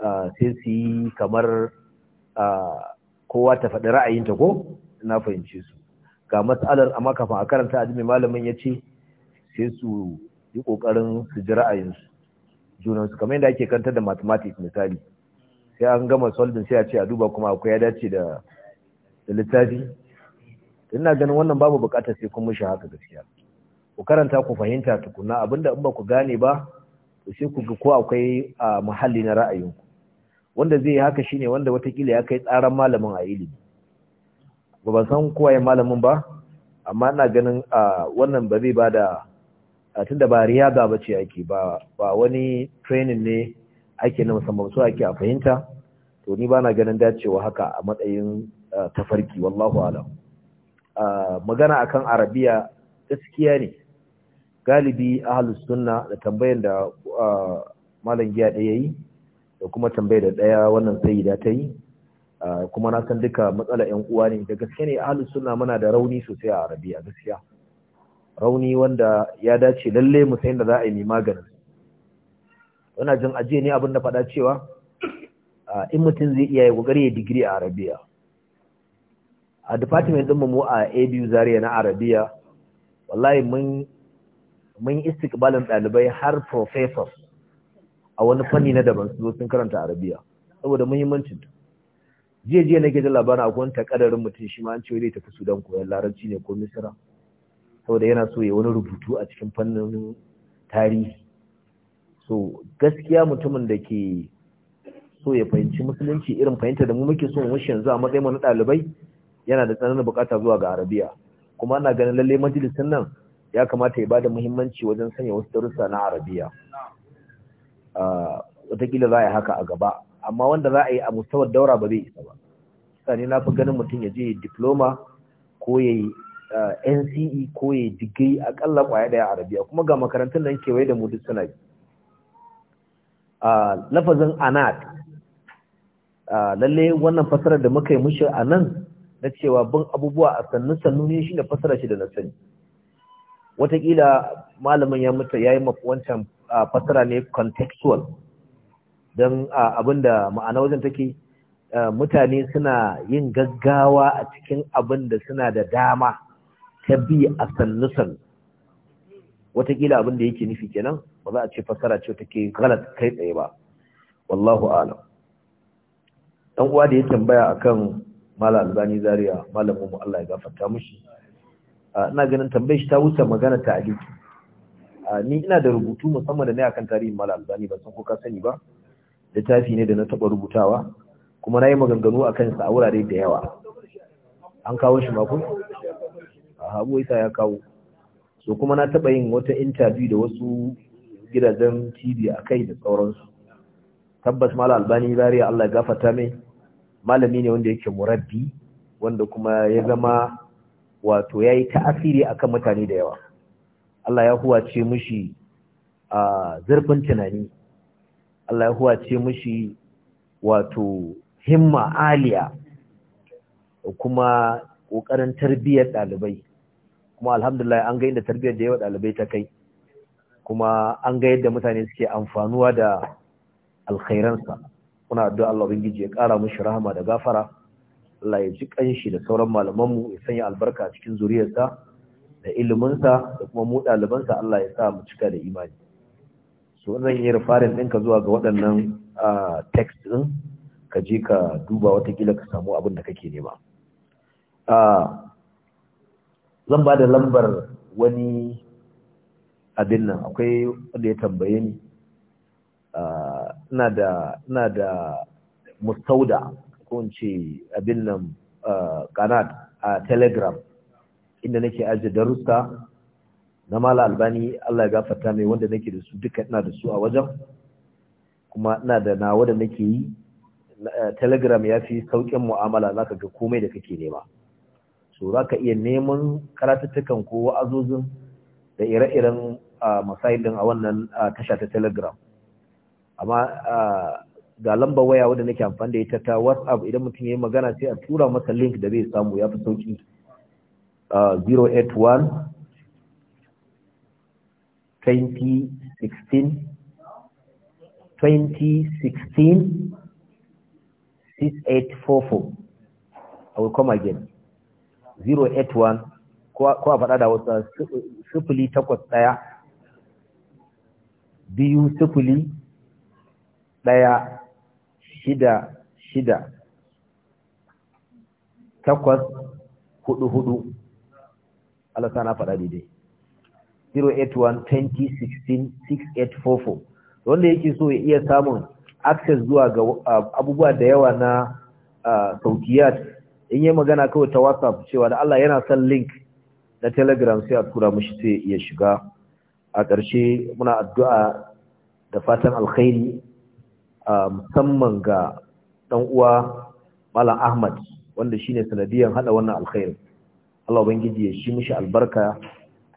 sai su yi kamar kowa ta faɗi ra'ayinta ko na fahimce su ga matsalar amma kafin a karanta a malamin ya ce sai su yi kokarin su ji ra'ayinsu junansu kamar yadda ake kantar da mathematics misali sai an gama solving sai a ce a duba kuma akwai ya dace da da littafi ina ganin wannan babu bukatar sai kun mishi haka gaskiya ku karanta ku fahimta tukunna abinda in ba ku gane ba to sai ku ga ko akwai a muhalli na ra'ayinku wanda zai yi haka shine wanda watakila ya kai tsaran malamin a ilimi ba ban san kowa ya malamin ba amma ina ganin wannan ba zai bada tunda ba riyaga ce ake ba ba wani training ne ake na musamman so ake a fahimta to ni ba na ganin dacewa haka a matsayin eh, tafarki wallahu alam ah, magana akan arabiya gaskiya ne galibi ahlus sunna da tambayar da ah, malam giya da yayi da kuma tambayar da ɗaya wannan sayyida ta yi ah, kuma na san duka matsala yan uwa ne da gaske ne ahlus sunna muna da rauni sosai a arabiya gaskiya rauni wanda ya dace lalle mu sayin da za a yi maganin ina jin aje ne abin da faɗa cewa in mutum zai iya kokari ya digiri a arabiya a department ɗin mu a abu zaria na arabiya wallahi mun mun istikbalin ɗalibai har professors a wani fanni na daban su sun karanta arabiya saboda muhimmancin jiya na ke da labarin akwai wani takadarin mutum shi ma an ce zai tafi sudan koyon larabci ne ko misira saboda yana so ya wani rubutu a cikin fannin tarihi so gaskiya mutumin da ke so ya fahimci musulunci irin fahimta da mu muke so mu yanzu a matsayin mu ɗalibai yana da tsananin bukata zuwa ga arabiya kuma ana ganin lalle majalisin nan ya kamata ya ba da muhimmanci wajen sanya wasu darussa na arabiya wataƙila za a yi haka a gaba amma wanda za a yi a mustawar daura ba zai isa ba sani na fi ganin mutum ya je diploma ko ya yi Eh, NCE ko ya digiri akalla kwaya a Arabiya kuma ga makarantun nan kewaye da mudu suna bi ah, lafazin anat ah, lalle wannan fasarar da muka yi mushi a nan na cewa bin abubuwa a sannu sannu ne shi da fasara shi da na sani Wataƙila malamin ya mutu ya yi wancan ah, fasara ne contextual don abin da ma'ana wajen take eh, mutane suna yin gaggawa a cikin abin da suna da dama ta bi a sannusan watakila abin da yake nufi kenan ba za a ce fasara ce take galat kai tsaye ba wallahu alam dan uwa da ya tambaya akan mala albani zaria malamin mu Allah ya gafarta mushi ah, ina ganin tambayar shi ta wuce magana ta aliki ah, ni ina da rubutu musamman da ne akan tarihin mala albani ba san ko ka sani ba littafi ne da na taba rubutawa kuma nayi maganganu akan sa a wurare da yawa an kawo shi ku Habu Isa ya kawo so kuma na taɓa yin wata interview da wasu gidajen TV a kai da sauransu tabbas mala Albani Zaria Allah ya gafarta mai malami ne wanda yake murabbi wanda kuma ya zama wato yayi ta'asiri akan mutane da yawa Allah ya huwace mishi a zurfin tunani Allah ya huwace mushi wato himma aliya kuma ƙoƙarin tarbiyyar ɗalibai kuma alhamdulillah an ga inda tarbiyyar da yawa ɗalibai ta kai kuma an ga yadda mutane suke amfanuwa da alkhairansa Kuna addu'a Allah ubangiji ya kara mushi rahama da gafara Allah ya ji kanshi da sauran malaman mu ya sanya albarka a cikin zuriyarsa da iliminsa da kuma mu ɗalibansa Allah ya sa mu cika da imani so zan yi din ka zuwa ga waɗannan text ɗin ka je ka duba wata kila ka samu abin da kake nema zan ba da lambar wani abin nan akwai wanda ya tambaye ni ina da ina da mustauda ko in ce abin nan kanat a telegram inda nake ajiye darussa na mala albani Allah ya gafarta mai wanda nake da su duka ina da su a wajen kuma ina da nawa da nake yi telegram ya fi sauƙin mu'amala zaka ga komai da kake nema so za ka iya neman karatattakan ko wa'azozin da ire-iren masayin a wannan tasha ta telegram amma ga lamba waya wadda nake amfani da ita ta whatsapp idan mutum ya yi magana sai a tura masa link da zai samu ya fi sauki 081 2016 2016 6844 I will come again 081 ko a faɗa da wasu sifili takwas ɗaya biyu sifili ɗaya shida shida takwas hudu hudu alasa na faɗa daidai 081-2016-6844 wanda yake so ya iya samun access zuwa ga abubuwa da yawa na sautiyar in yi magana kawai ta whatsapp cewa da Allah yana son link na telegram sai a tura mushi sai ya shiga a ƙarshe muna addu'a da fatan alkhairi musamman ga ɗan uwa malam ahmad wanda shine sanadiyan hada wannan alkhairi Allah ubangiji ya shi mushi albarka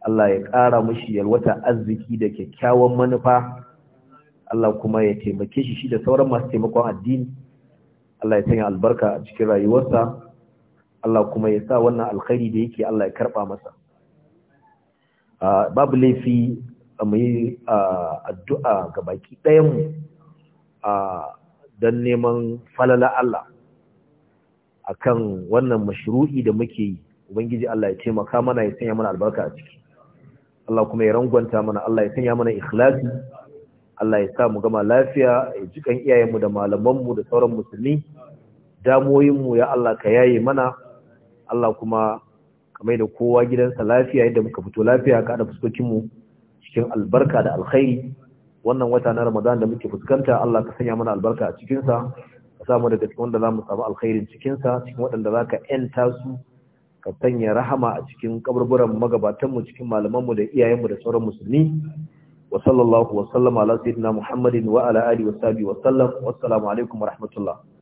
Allah ya ƙara mushi yalwata arziki da kyakkyawan manufa Allah kuma ya taimake shi shi da sauran masu taimakon addini Allah ya sanya albarka a cikin rayuwarsa Allah kuma ya sa wannan alkhairi da yake Allah ya karba masa babu laifi mu yi addu'a ga baki ɗayan mu don neman falala Allah akan wannan mashru'i da muke yi ubangiji Allah ya taimaka mana ya sanya mana albarka a ciki Allah kuma ya rangwanta mana Allah ya sanya mana ikhlasi Allah ya sa mu gama lafiya ya jikan iyayenmu da malamanmu da sauran musulmi damoyinmu ya Allah ka yaye mana Allah kuma kamar da kowa gidansa lafiya yadda muka fito lafiya ka da fuskokinmu cikin albarka da alkhairi wannan wata na Ramadan da muke fuskanta Allah ka sanya mana albarka a cikinsa ka samu daga cikin wanda za mu samu alkhairin cikinsa cikin waɗanda za ka ‘yanta su ka sanya rahama a cikin kaburburan magabatanmu cikin mu da iyayen mu da sauran musulmi wa sallallahu wa sallama ala sayyidina muhammadin wa ala alihi wa sahbihi wa sallam assalamu alaikum wa rahmatullah